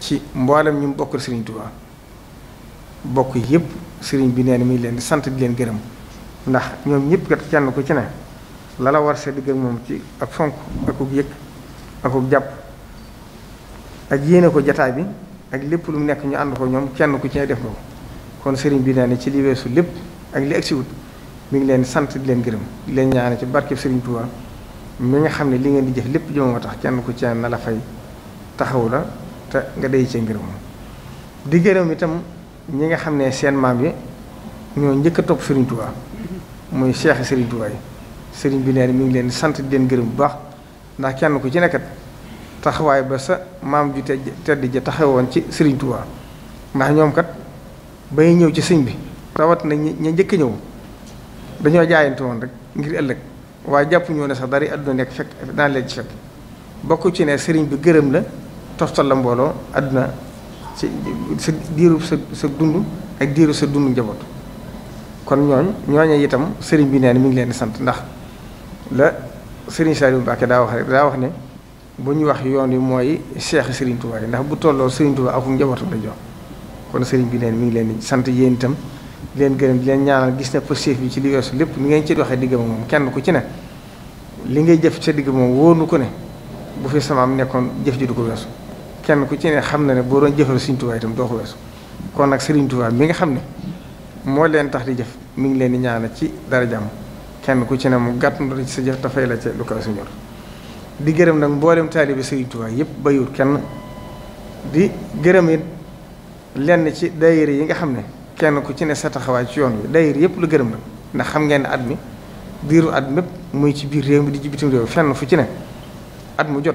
ci mboolem ñu bokkal Serigne Touba bokk yëpp sëriñ bi nee na mi leen sant di leen gërëm ndax ñoom ñëpp kenn ku ci ne war sa digg moom ci ak fonk akuk yëg akuk jàpp ak yéene ko jataay bi ak lépp lu nekk ñu ànd ko ñoom kenn ku ci ne def ko kon sëriñ bi nee na ci li weesu lépp ak li egsiwut mi ngi leen sant di leen gërëm di leen ñaane ci barkeb Serigne Touba. mi nga xam ne li ngeen di jëf lépp jëm moo tax kenn ko ci na taxaw la te nga day ci ngërëm di gërëm itam ñi nga xam ne seen maam ñoo njëkk a topp Serigne Touba muy Cheikh Serigne bi neen mi ngi leen sant di leen gërëm bu baax ndax kenn ku ci nekkat taxawaay ba sa maam ju tedd ja taxawoon ci Serigne Touba ndax ñoom kat bay ñëw ci sëñ bi rawat na ñi njëkk ñëw dañoo jaayante woon rek ngir ëllëg. waa jàpp ñoo ne sax dara àdduna nekk fekk daan leen ci fekk bokk ci ne sëriñ bi gërëm la toftal la mbooloo àdduna ci sa diiru sa dund ak diiru sa dund njaboot kon ñooñ ñooñe itam sëriñ bi nee na mi ngi leen di sant ndax la sëriñ Saliou Mbacké daa wax rek daa wax ne bu ñu wax yoon yi mooy seex sëriñ Touba yi ndax bu tolloo sëriñ Touba akum njabootam la jox kon sëriñ bi nee mi ngi leen sant yéen itam di leen gërëm di leen ñaanal gis ne positif bi ci li weesu lépp ni ngeen ci waxee digg moom kenn ku ci ne li ngay jëf sa digg moom woo nu ko ne bu fi sama am nekkoon jëf ji du ko weesu kenn ku ci ne xam na ne boo doon jëfal Sëriñ itam doo ko kon nag Sëriñ Tuubaa mi nga xam ne moo leen tax di jëf mu ngi leen di ñaanal ci dara jàmm kenn ku ci ne mu gàtt na ci sa jëf dafay la ca lu ko suñor di gërëm nag mboolem taalibe Sëriñ Tuubaa yëpp bayul kenn di gërëm it lenn ci daayira yi nga xam ne. kenn ko ci ne sa taxawaay ci yoon wi dayir yëpp lu gërëm la ndax xam ngeen ne at mi diiru at mépp muy ci biir réew mi di ci bitim réew fenn fu ci ne at mu jot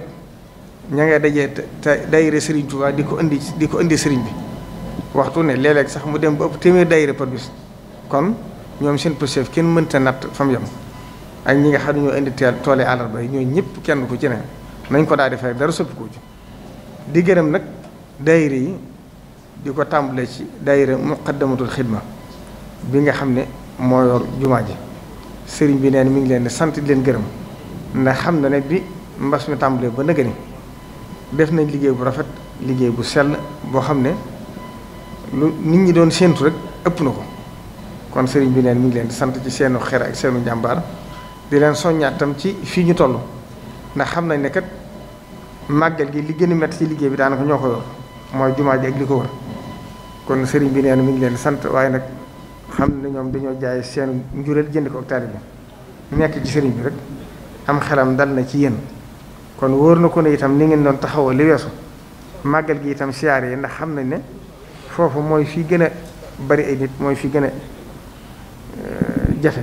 ña ngay dajee te dayire Serigne Touba di ko indi di ko indi Serigne bi waxtu ne léeg sax mu dem ba ëpp téeméer dayire par bis kon ñoom seen pëseef kenn mënta natt fa mu ak ñi nga xam ne ñoo indi teel toole àllarba yi ñooy ñëpp kenn ku ci ne nañ ko daal di fay dara soppiku ci di gërëm nag dayire di ko tàmbalee ci daayira muqaddamatul xidma bi nga xam ne moo yor jumaa ji sëriñ bi neen mi ngi leen di sant di leen gërëm ndax xam na ne bi mbas mi tàmbalee ba nëgëni def nañ liggéey bu rafet liggéey bu sell boo xam ne lu nit ñi doon séentu rek ëpp na ko kon sëriñ bi neen mi ngi leen di sant ci seenu xer ak seenu njàmbaar di leen soññaat tam ci fii ñu toll ndax xam nañ ne kat màggal gi li gën a métti ci liggéey bi daanaka ñoo ko yor mooy jumaa ko wër kon sëriñ bi nee na mi ngi leen sant waaye nag xam ne ñoom dañoo jaay seen njureel jënd ko ak taalibe nekk ci sëriñ bi rek am xelam dal na ci yéen kon wóor na ko ne itam ni ngeen doon taxawoo li weesu màggal gi itam siyaare yi ndax xam nañ ne foofu mooy fi gën a bari ay nit mooy fi gën a euh, jafe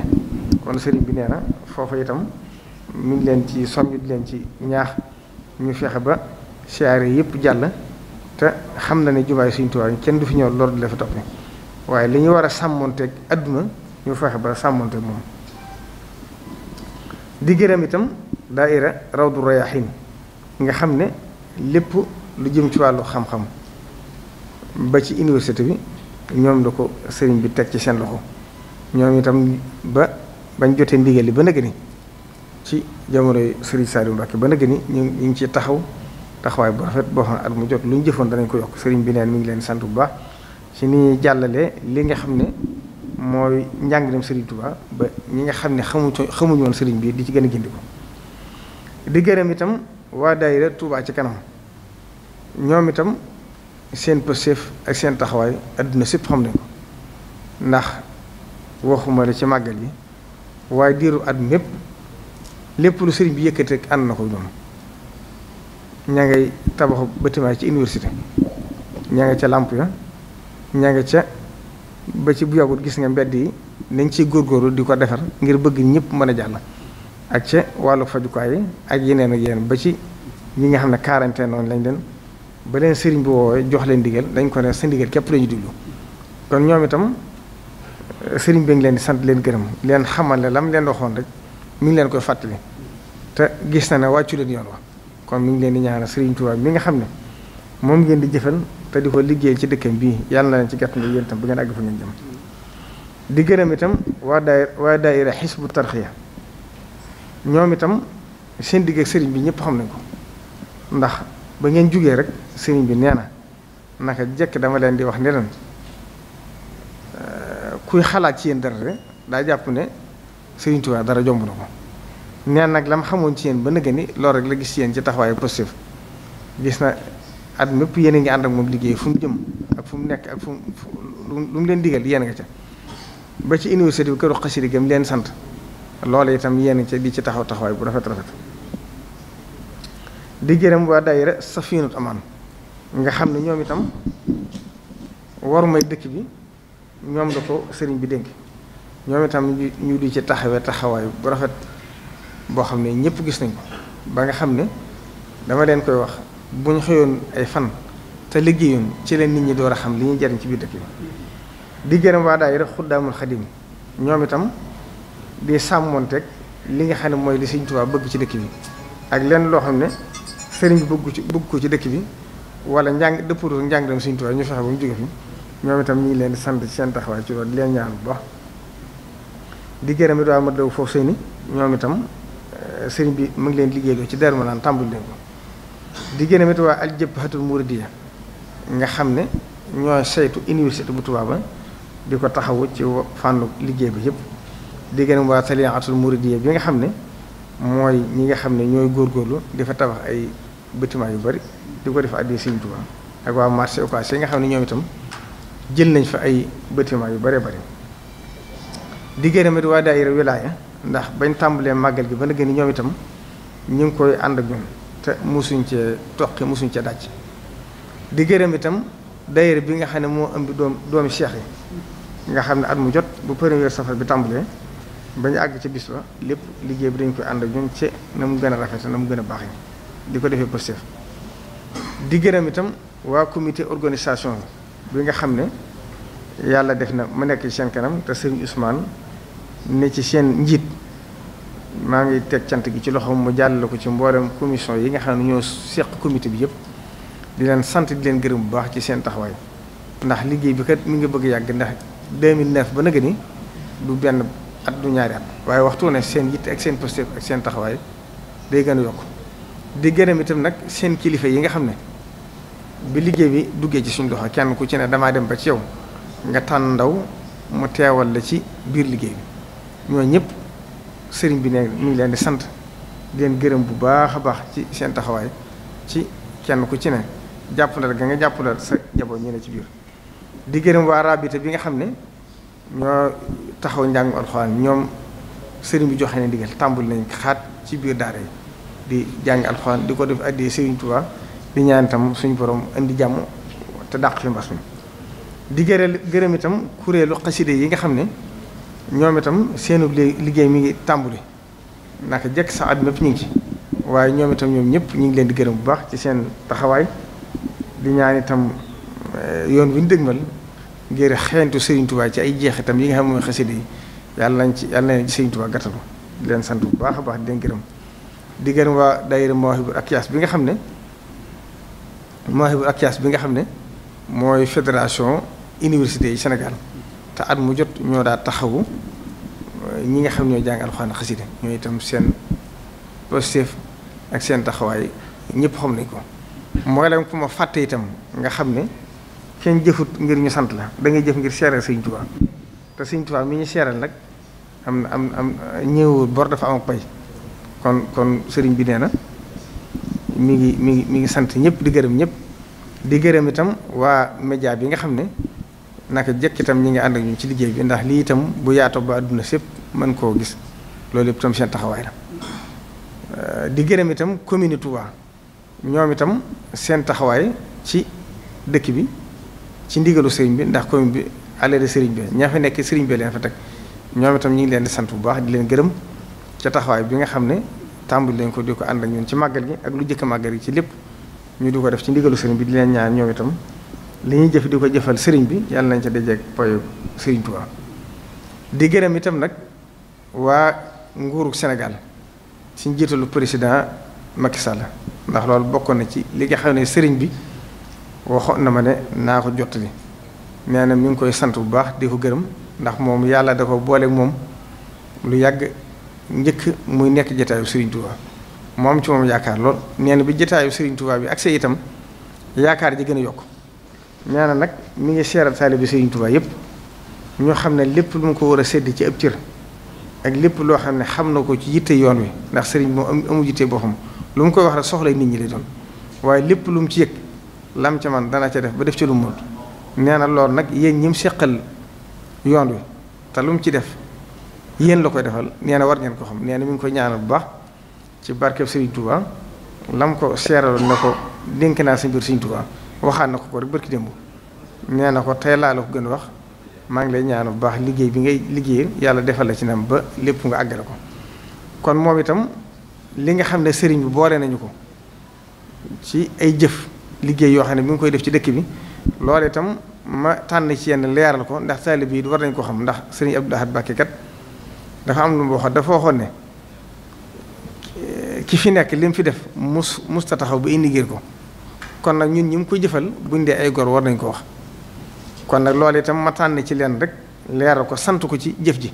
kon sëriñ bi nee na foofu itam mi ngi leen ci soññ leen ci ñaax ñu fexe ba siyaare yëpp jàll te xam na ne jumaay Sëriñ Tuubaa kenn du fi ñëw loolu la fi toppe waaye li ñu war a sàmmonteeg àdduna ñu fexe ba sàmmonteeg moom di gërëm itam raw du Rayaahiin nga xam ne lépp lu jëm ci wàllu xam-xam ba ci université bi ñoom la ko sëriñ bi teg ci seen loxo ñoom itam ba bañ jotee ndigal li ba nëgg ni ci jamonoy sëriñ Saliou Mbacké ba nëgg ni ñu ngi ciy taxaw taxawaay bu rafet boo xam ne at mu jot lu ñu jëfoon danañ ko yokk sëriñ bi neen mi ngi leen sant bu baax ci ni jàllale li nga xam ne mooy njàng dem sëriñ Touba ba ñi nga xam ne xamuñu xamuñu woon sëriñ bi di ci gën a gindi ko di gërëm itam waa daayira Touba ci kanam ñoom itam seen pëseef ak seen taxawaay adduna sépp xam nañ ko ndax waxuma la ci màggal yi waaye diiru at mépp lépp lu sëriñ bi yëkkati rek ànd na ko ñoom ña ngay tabaxu bâtiment ci université ña nga ca làmp ya ña nga ca ba ci bu yàggut gis nga mbedd yi nañ ciy góorgóorlu di ko defar ngir bëgg ñëpp mën a jàll ak ca wàllu fajukaay yi ak yeneen ak yeneen ba ci ñi nga xam ne quarantaine noonu lañ leen ba leen sëriñ bi woowee jox leen digal dañ ko ne sa ndigal képp lañu diglu kon ñoom itam sëriñ bi ngi leen di sant leen gërëm leen xamal ne lam leen waxoon rek mi ngi leen koy fàttali te gis na ne wàccu leen yoon wax kon mi ngi leen di ñaanal Serigne Touba mi nga xam ne moom ngeen di jëfan te di ko liggéeyal ci dëkkam bii yàlla na leen ci gàtt yéen itam bu ngeen àgg fa ngeen jëm. di gërëm itam waa daay waa daayira xisbu tarxiya ñoom itam seen digg ak Serigne bi ñëpp xam nañ ko ndax ba ngeen jugee rek Serigne bi nee na naka jekk dama leen di wax ne eh, kuy xalaat ci yéen dara daa jàpp ne Serigne Touba dara jomb na ko. neen nag lam xamoon ci yéen ba nëgë ni loolu rek la gis yéen ci taxawaayu positif gis na add mépp yéen a ngi ànd ak moom liggéey fu mu jëm ak fu mu nekk ak fu mu lu mu leen digal yéen nga ca ba ci université bi këru xasida gam leen sant loolu itam yéen ca di ci taxaw taxawaay bu rafet rafet di gërëm waa daayira Safinat nga xam ne ñoom itam war dëkk bi ñoom la ko sëriñ bi dénk ñoom itam ñu ci taxawee taxawaay bu rafet boo xam ne ñëpp gis nañ ko ba nga xam ne dama leen koy wax bu ñu xëyoon ay fan te liggéeyoon ci leen nit ñi door a xam li ñuy jariñ ci biir dëkk bi di gërëm waa daayira Xuddaamul Xadim ñoom itam di sàmmoonteeg li nga xam ne mooy li Sëriñ Tuubaa ci dëkk bi ak lenn loo xam ne bëgg ci bëgg ko ci dëkk bi wala njàng dëppatoo njàng dem Sëriñ Tuubaa ñu fexe ba mu ñoom itam ñu ngi leen sant ci seen taxawaay ci loolu di leen ñaan bu baax di gërëm it waa Matlaboul Fawzayni ñoom itam sëriñ bi mu ngi leen liggéeyloo ci Darou Manane tàmbali leen ko di waa a métti waa aljabhatul muridiyya nga xam ne ñoo saytu université bu tubaaba di ko taxawu ci fànn liggéey bi yëpp di gën a waa taliatul muridiyya bi nga xam ne mooy ñi nga xam ne ñooy góorgóorlu di fa tabax ay bâtiment yu bari di ko def addi sëriñ Tuubaa waa marché occasion yi xam ne ñoom itam jël nañ fa ay bâtiment yu bëree bëri di gën a métti waa daayira ndax bañ tàmbalee màggal bi ba na gën ñoom itam ñu ngi koy ànd ak ñun te mosuñ cee toqi mosuñ cee dàcc di gërëm itam daayira bi nga xam ne moo ëmb doom doomi cheikh yi nga xam ne at mu jot bu premier safar bi tàmbalee ba ñu àgg ci bis ba lépp liggéey bi dañ koy ànd ak ñoom ci na mu gën a rafet na mu gën a baax di ko defee positif di gërëm itam waa comité organisation bi nga xam ne yàlla def na ma nekk ci seen kanam te sëriñ usmaan ne ci seen njiit maa ngi teg cant gi ci loxo mu jàllale ko ci mboolem commission yi nga xam ne ñoo seq comité bi yëpp di leen sant di leen gërëm bu baax ci seen taxawaay ndax liggéey bi kat mi ngi bëgg yàgg ndax 2009 ba naga ni du benn at du ñaari at waaye waxtu ne seen yitte ak seen posté ak seen taxawaay day gën a yokk di gërëm itam nag seen kilifa yi nga xam ne bi liggéey bi duggee ci suñu loxo kenn ku ci ne damaa dem ba ci yow nga tànn ndaw mu teewal la ci biir liggéey ñoo ñëpp sëriñ bi ne mi ngi leen di sant di leen gërëm bu baax a baax ci seen taxawaay ci kenn ku ci ne jàppalal ga nga jàppalal sa njaboot ñu ci biir di gërëm waa rabita bi nga xam ne ñoo taxaw njàng alxuraan ñoom sëriñ bi joxe ne ndigal tàmbul nañ xaat ci biir daara yi di jàng alxuraan di ko def addee sëriñ Tuubaa di ñaan itam suñu borom indi jàmm te dàq fi mbas mi di gërëm gërëm itam kuréelu xaside yi nga xam ne ñoom itam seenu liggéey mi ngi tàmbuli naka jekk sax at mépp ñu ngi ci waaye ñoom itam ñoom ñëpp ñu ngi leen di gërëm bu baax ci seen taxawaay di ñaan itam eh, yoon wi ñu dëgmal ngir xeentu Serigne Touba ci ay jeex itam yi nga xam mooy xasida yi yàlla nañ ci yàlla nañ ci leen sant bu baax a baax di gërëm di gërëm waa daayira Mawahibou Akyas bi nga xam ne Mawahibou Akyas bi nga xam ne mooy fédération université yi senegal te at mu jot ñoo daal taxawu ñi nga xam ñoo jàng alxuraan xasida ñoo itam seen positif ak seen taxawaay ñëpp xam nañ ko mooy leen ku ma fàtte itam nga xam ne kenn jëfut ngir ñu sant la da ngay jëf ngir seeral Sëñ Tuubaa te Sëñ Tuubaa mi ñu seeral nag am na am am ñëwul bor dafa am ak pay kon kon sëriñ bi nee na mi ngi mi ngi mi ngi sant ñëpp di gërëm ñëpp di gërëm itam waa média bi nga xam ne naka jëkk itam ñi ngi ànd ak ñun ci liggéey bi ndax lii itam bu yaatoo ba àdduna sépp mën koo gis loolu yëpp tam seen taxawaay la euh, di gërëm itam commune Touba ñoom itam seen taxawaay ci dëkk bi ci ndigalu sëriñ bi ndax commune bi àlleede sëriñ bi ñaa fa nekk sëriñ bi leen fa teg ñoom itam ñu ngi leen di sant bu baax di leen gërëm ca taxawaay bi nga xam ne tàmbali leen ko di ko ànd ak ñun ci màggal gi ak lu jëkk màggal gi ci lépp ñu di ko def ci ndigalu sëriñ bi di leen ñaan ñoom itam li ñuy jëf di ko jëfal sëriñ bi yàlla nañ ca dajeeg payu sëriñ Tuubaa di gërëm itam nag waa nguuru Sénégal ci njiitalu président Macky Sall ndax loolu bokkoon na ci li nga xam ne sëriñ bi waxoon na ma ne naa ko jottali nee na mi ngi koy sant bu baax di ko gërëm ndax moom yàlla da ko booleeg moom lu yàgg njëkk muy nekk jataayu sëriñ Tuubaa moom ci moom yaakaar lool nee bi jataayu sëriñ Tuubaa bi ak see itam yaakaar ji gën a yokk ñaana nag mu ngi seeral taalibe Sëriñ Tuubaa yëpp ñoo xam ne lépp lu mu ko war a sedd ci ab cër ak lépp loo xam ne xam na ko ci yitte yoon wi ndax sëriñ moom amu yitte boppam lu mu koy wax rek soxla nit ñi lay doon waaye lépp lu mu ci yëg lam ca man dana ca def ba def ca lu mu nee na lool nag yéen ñi mu seqal yoon wi te lu mu ci def yéen la koy defal nee na war ngeen ko xam nee na mi ngi koy ñaanal bu baax ci barkeb Sëriñ Tuubaa lam ko seeraloon ne ko dénk naa sa mbir waxaat na ko ko rek barki démb nee na ko tey laa la ko gën wax maa ngi lay ñaanu bu baax liggéey bi ngay liggéey yàlla defal la ci nam ba lépp nga àggale ko kon moom itam li nga xam ne sëriñ bi boole nañu ko ci ay jëf liggéey yoo xam ne bi nga koy def ci dëkk bi loolu itam ma tànn ci yenn leeral ko ndax taalib yi war nañ ko xam ndax sëriñ Abdou Ahad Mbacké kat dafa am lu mu waxoon dafa waxoon ne eh, ki fi nekk li mu fi def mus musta taxaw ba indi ngir ko kon nag ñun ñi mu koy jëfal buñ dee ay gor war nañu ko wax kon nag loolu itam ma tànn ci leen rek leeral ko sant ko ci jëf ji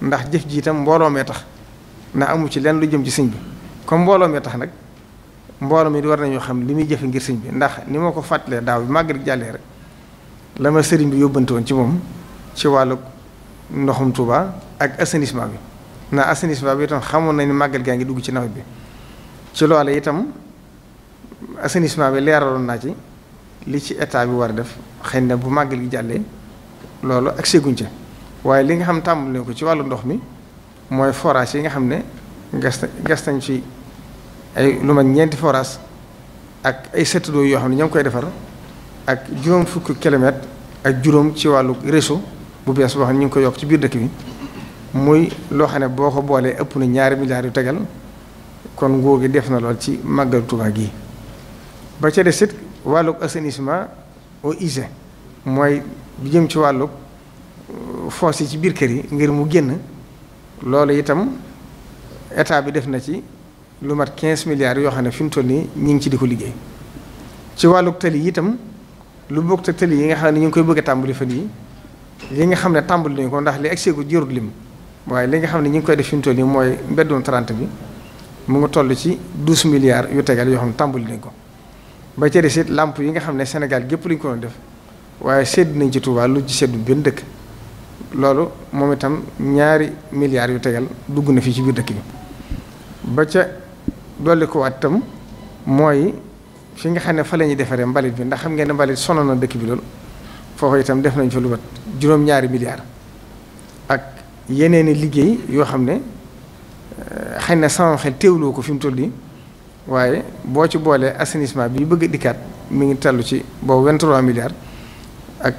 ndax jëf ji itam mbooloo mee tax ndax amu ci leen lu jëm ci sëñ bi comme mbooloo mee tax nag mbooloo mi war nañoo xam li muy jëfe ngir sëñ bi ndax ni ma ko fàttalee daaw bi màgg rek jàllee rek la ma sëriñ bi yóbbante woon ci moom ci wàllu ndoxum Touba ak assainissement bi ndax assainissement bi itam xamoon nañu ne màggal gaa ngi dugg ci nawet bi ci loole itam. assainissement bi leeraloon naa ci li ci état bi war a def xëy na bu màgg gi jàllee loolu ak seguñ ca waaye li nga xam tàmbali ne ko ci wàllu ndox mi mooy forage yi nga xam ne gas gas nañ ci ay lu ma ñeenti forage ak ay seetlu yoo xam ne ñoo ngi koy defar ak juróom fukki kilomètre ak juróom ci wàllu réseau bu bees boo xam ne ñu ngi ko yokk ci biir dëkk bi muy loo xam ne boo ko boolee ëpp na ñaari milliards yu tegal kon nguur gi def na lool ci màggal Tuubaa ba ca des it wàllug assainissement ISE mooy bi jëm ci wàllug euh, fosse yi ci biir kër yi ngir mu génn loolu itam état bi def na ci lu mat quinze milliards yoo xam ne fi mu toll nii ñu ngi ci di ko liggéey ci wàllug tali itam lu bokk te tali yi nga xam ne ñu ngi koy bëgg a tàmbali fan yi nga xam ne tàmbali nañu ko ndax li egg seegu jërut lim waaye li nga xam ne ñu ngi koy def fi mu mooy mbeddum 30 bi mu ngi toll ci douze milliards yu tegal yoo xam ne tàmbali nañu ko. ba ca des làmp yi nga xam ne Sénégal gépp lañ ko doon def waaye sedd nañ ci Touba lu ci seddu benn dëkk loolu moom itam ñaari milliards yu tegal dugg na fii ci biir dëkk bi ba ca dolli ko waat itam mooy fi nga xam ne fa la ñuy defaree mbalit bi ndax xam ngeen ne mbalit sono na dëkk bi loolu foofu itam def nañ fa lu mat juróom-ñaari milliards ak yeneeni liggéey yoo xam ne eh, xëy na sama xel teewloo ko fi mu toll nii. waaye boo ci boolee assainissement bi bëgg dikkaat mi ngi tellu ci boobu 23 milliards ak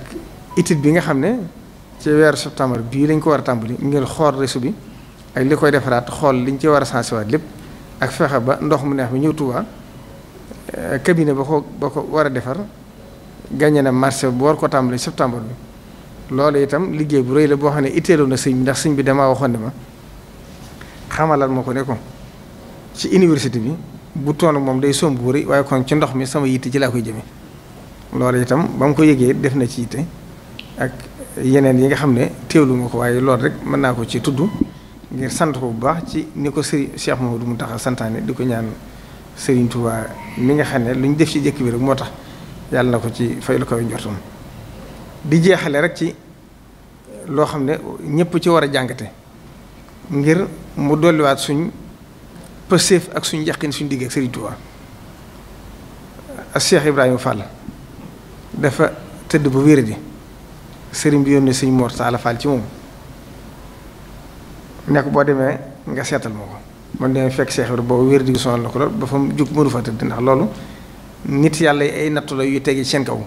étude bi nga xam ne ci weeru septembre bii lañ ko war a tàmbali ngir xool réseau bi ak li koy defaraat xool liñ ci war a waat lépp ak fexe ba ndox mu neex bi ñëw Tuubaa euh, cabinet ba ko ba ko war a defar gagné ne marché bu war ko tàmbali septembre bi loolu itam liggéey bu rëy la boo xam ne itteeloon na sëñ bi ndax sëñ bi damaa waxoon ne ma xamalal ma ko ne ko ci bi. bu toon moom day somb bu rëy waaye kon ci ndox mi sama yitte ci laa koy jëme lool itam ba mu ko yëgee def na ci yitte ak yeneen yi nga xam ne teewlu ko waaye lool rek mën naa ko ci tudd ngir sant ko bu baax ci ni ko sëriñ Cheikh Mamadou Mountakha santaane di ko ñaan sëriñ Touba mi nga xam ne lu ñu def ci jëkk bi rek moo tax yàlla na ko ci fay lu koy njortoon di jeexale rek ci loo xam ne ñëpp ci war a jàngate ngir mu dolliwaat suñ pëseef ak suñu yàqin suñu digg ak Serigne Touba ak Cheikh Ibrahima Fall dafa tëdd ba wéeradi Serigne bi yónnee Serigne Mor Talla Fall ci moom nekk boo demee nga seetal moo ko man demee fekk Cheikh Ibrahima boobu wéeradi gi sonal na ko lool ba fa jug mënu fa tëdd ndax loolu nit yàlla yi ay nattu la yu tege seen kaw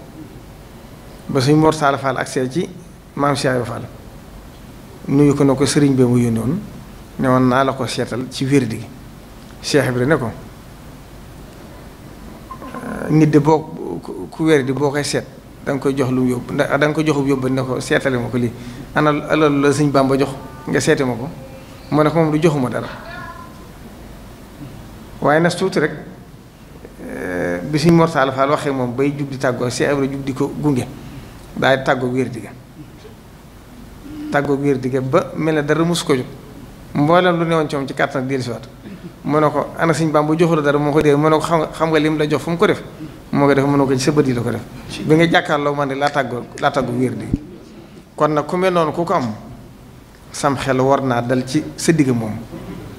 ba Serigne Mor Talla ak Cheikh ci maam Cheikh Ibrahima Fall nuyu ko ne ko Serigne bi mu yónnee woon ne woon naa la ko seetal ci wéeradi gi. Cheikh Ibra ne ko euh, nit de boo ku weer di boo koy seet da koy jox lu mu yóbbu ndax da nga ko joxub yóbbu ne ko seetale ma ko lii ana alalu la baam ba jox nga seete ma ko mu ne ko moom du joxuma dara waaye nas tuuti rek euh, bi suñ mortal faal waxee moom bay jub di tàggoo Cheikh jub di ko gunge daay tàggoog wér digga tàggoog wér digga ba mel ne dara mosu ko jóg mboolem lu newoon coom ci kàttan ak dellusiwaat mu ne ko ana sëñ Bàmba joxu la dara moo ko dee mu ne ko xam nga lim la jox fu mu ko def moo ko def mu ne ko ci bët yi la ko def bi nga jàkkaarloo man ne laa tàggoo laa tàggu wér di kon nag ku mel noonu ku ko am sam xel war naa dal ci sa digg moom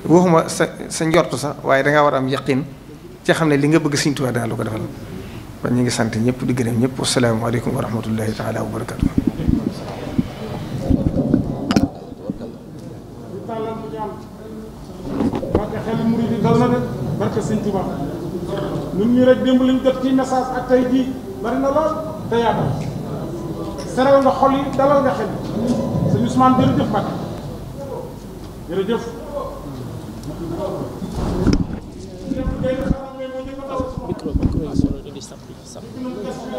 waxuma sa sa njort sax waaye dangaa war a am yaqin ci xam ne li nga bëgg sëñ Tuubaa daal lu ko defal kon ñu ngi sant ñëpp di gërëm ñëpp asalaamaaleykum wa rahmatullahi taala wa barakatu sëñ Touba ñun ñu rek démb lañ jot ci message ak tey jii na lool te yaatal seral nga xol yi dalal nga xel sëñ Ousmane jërëjëf Mbacke jërëjëf micro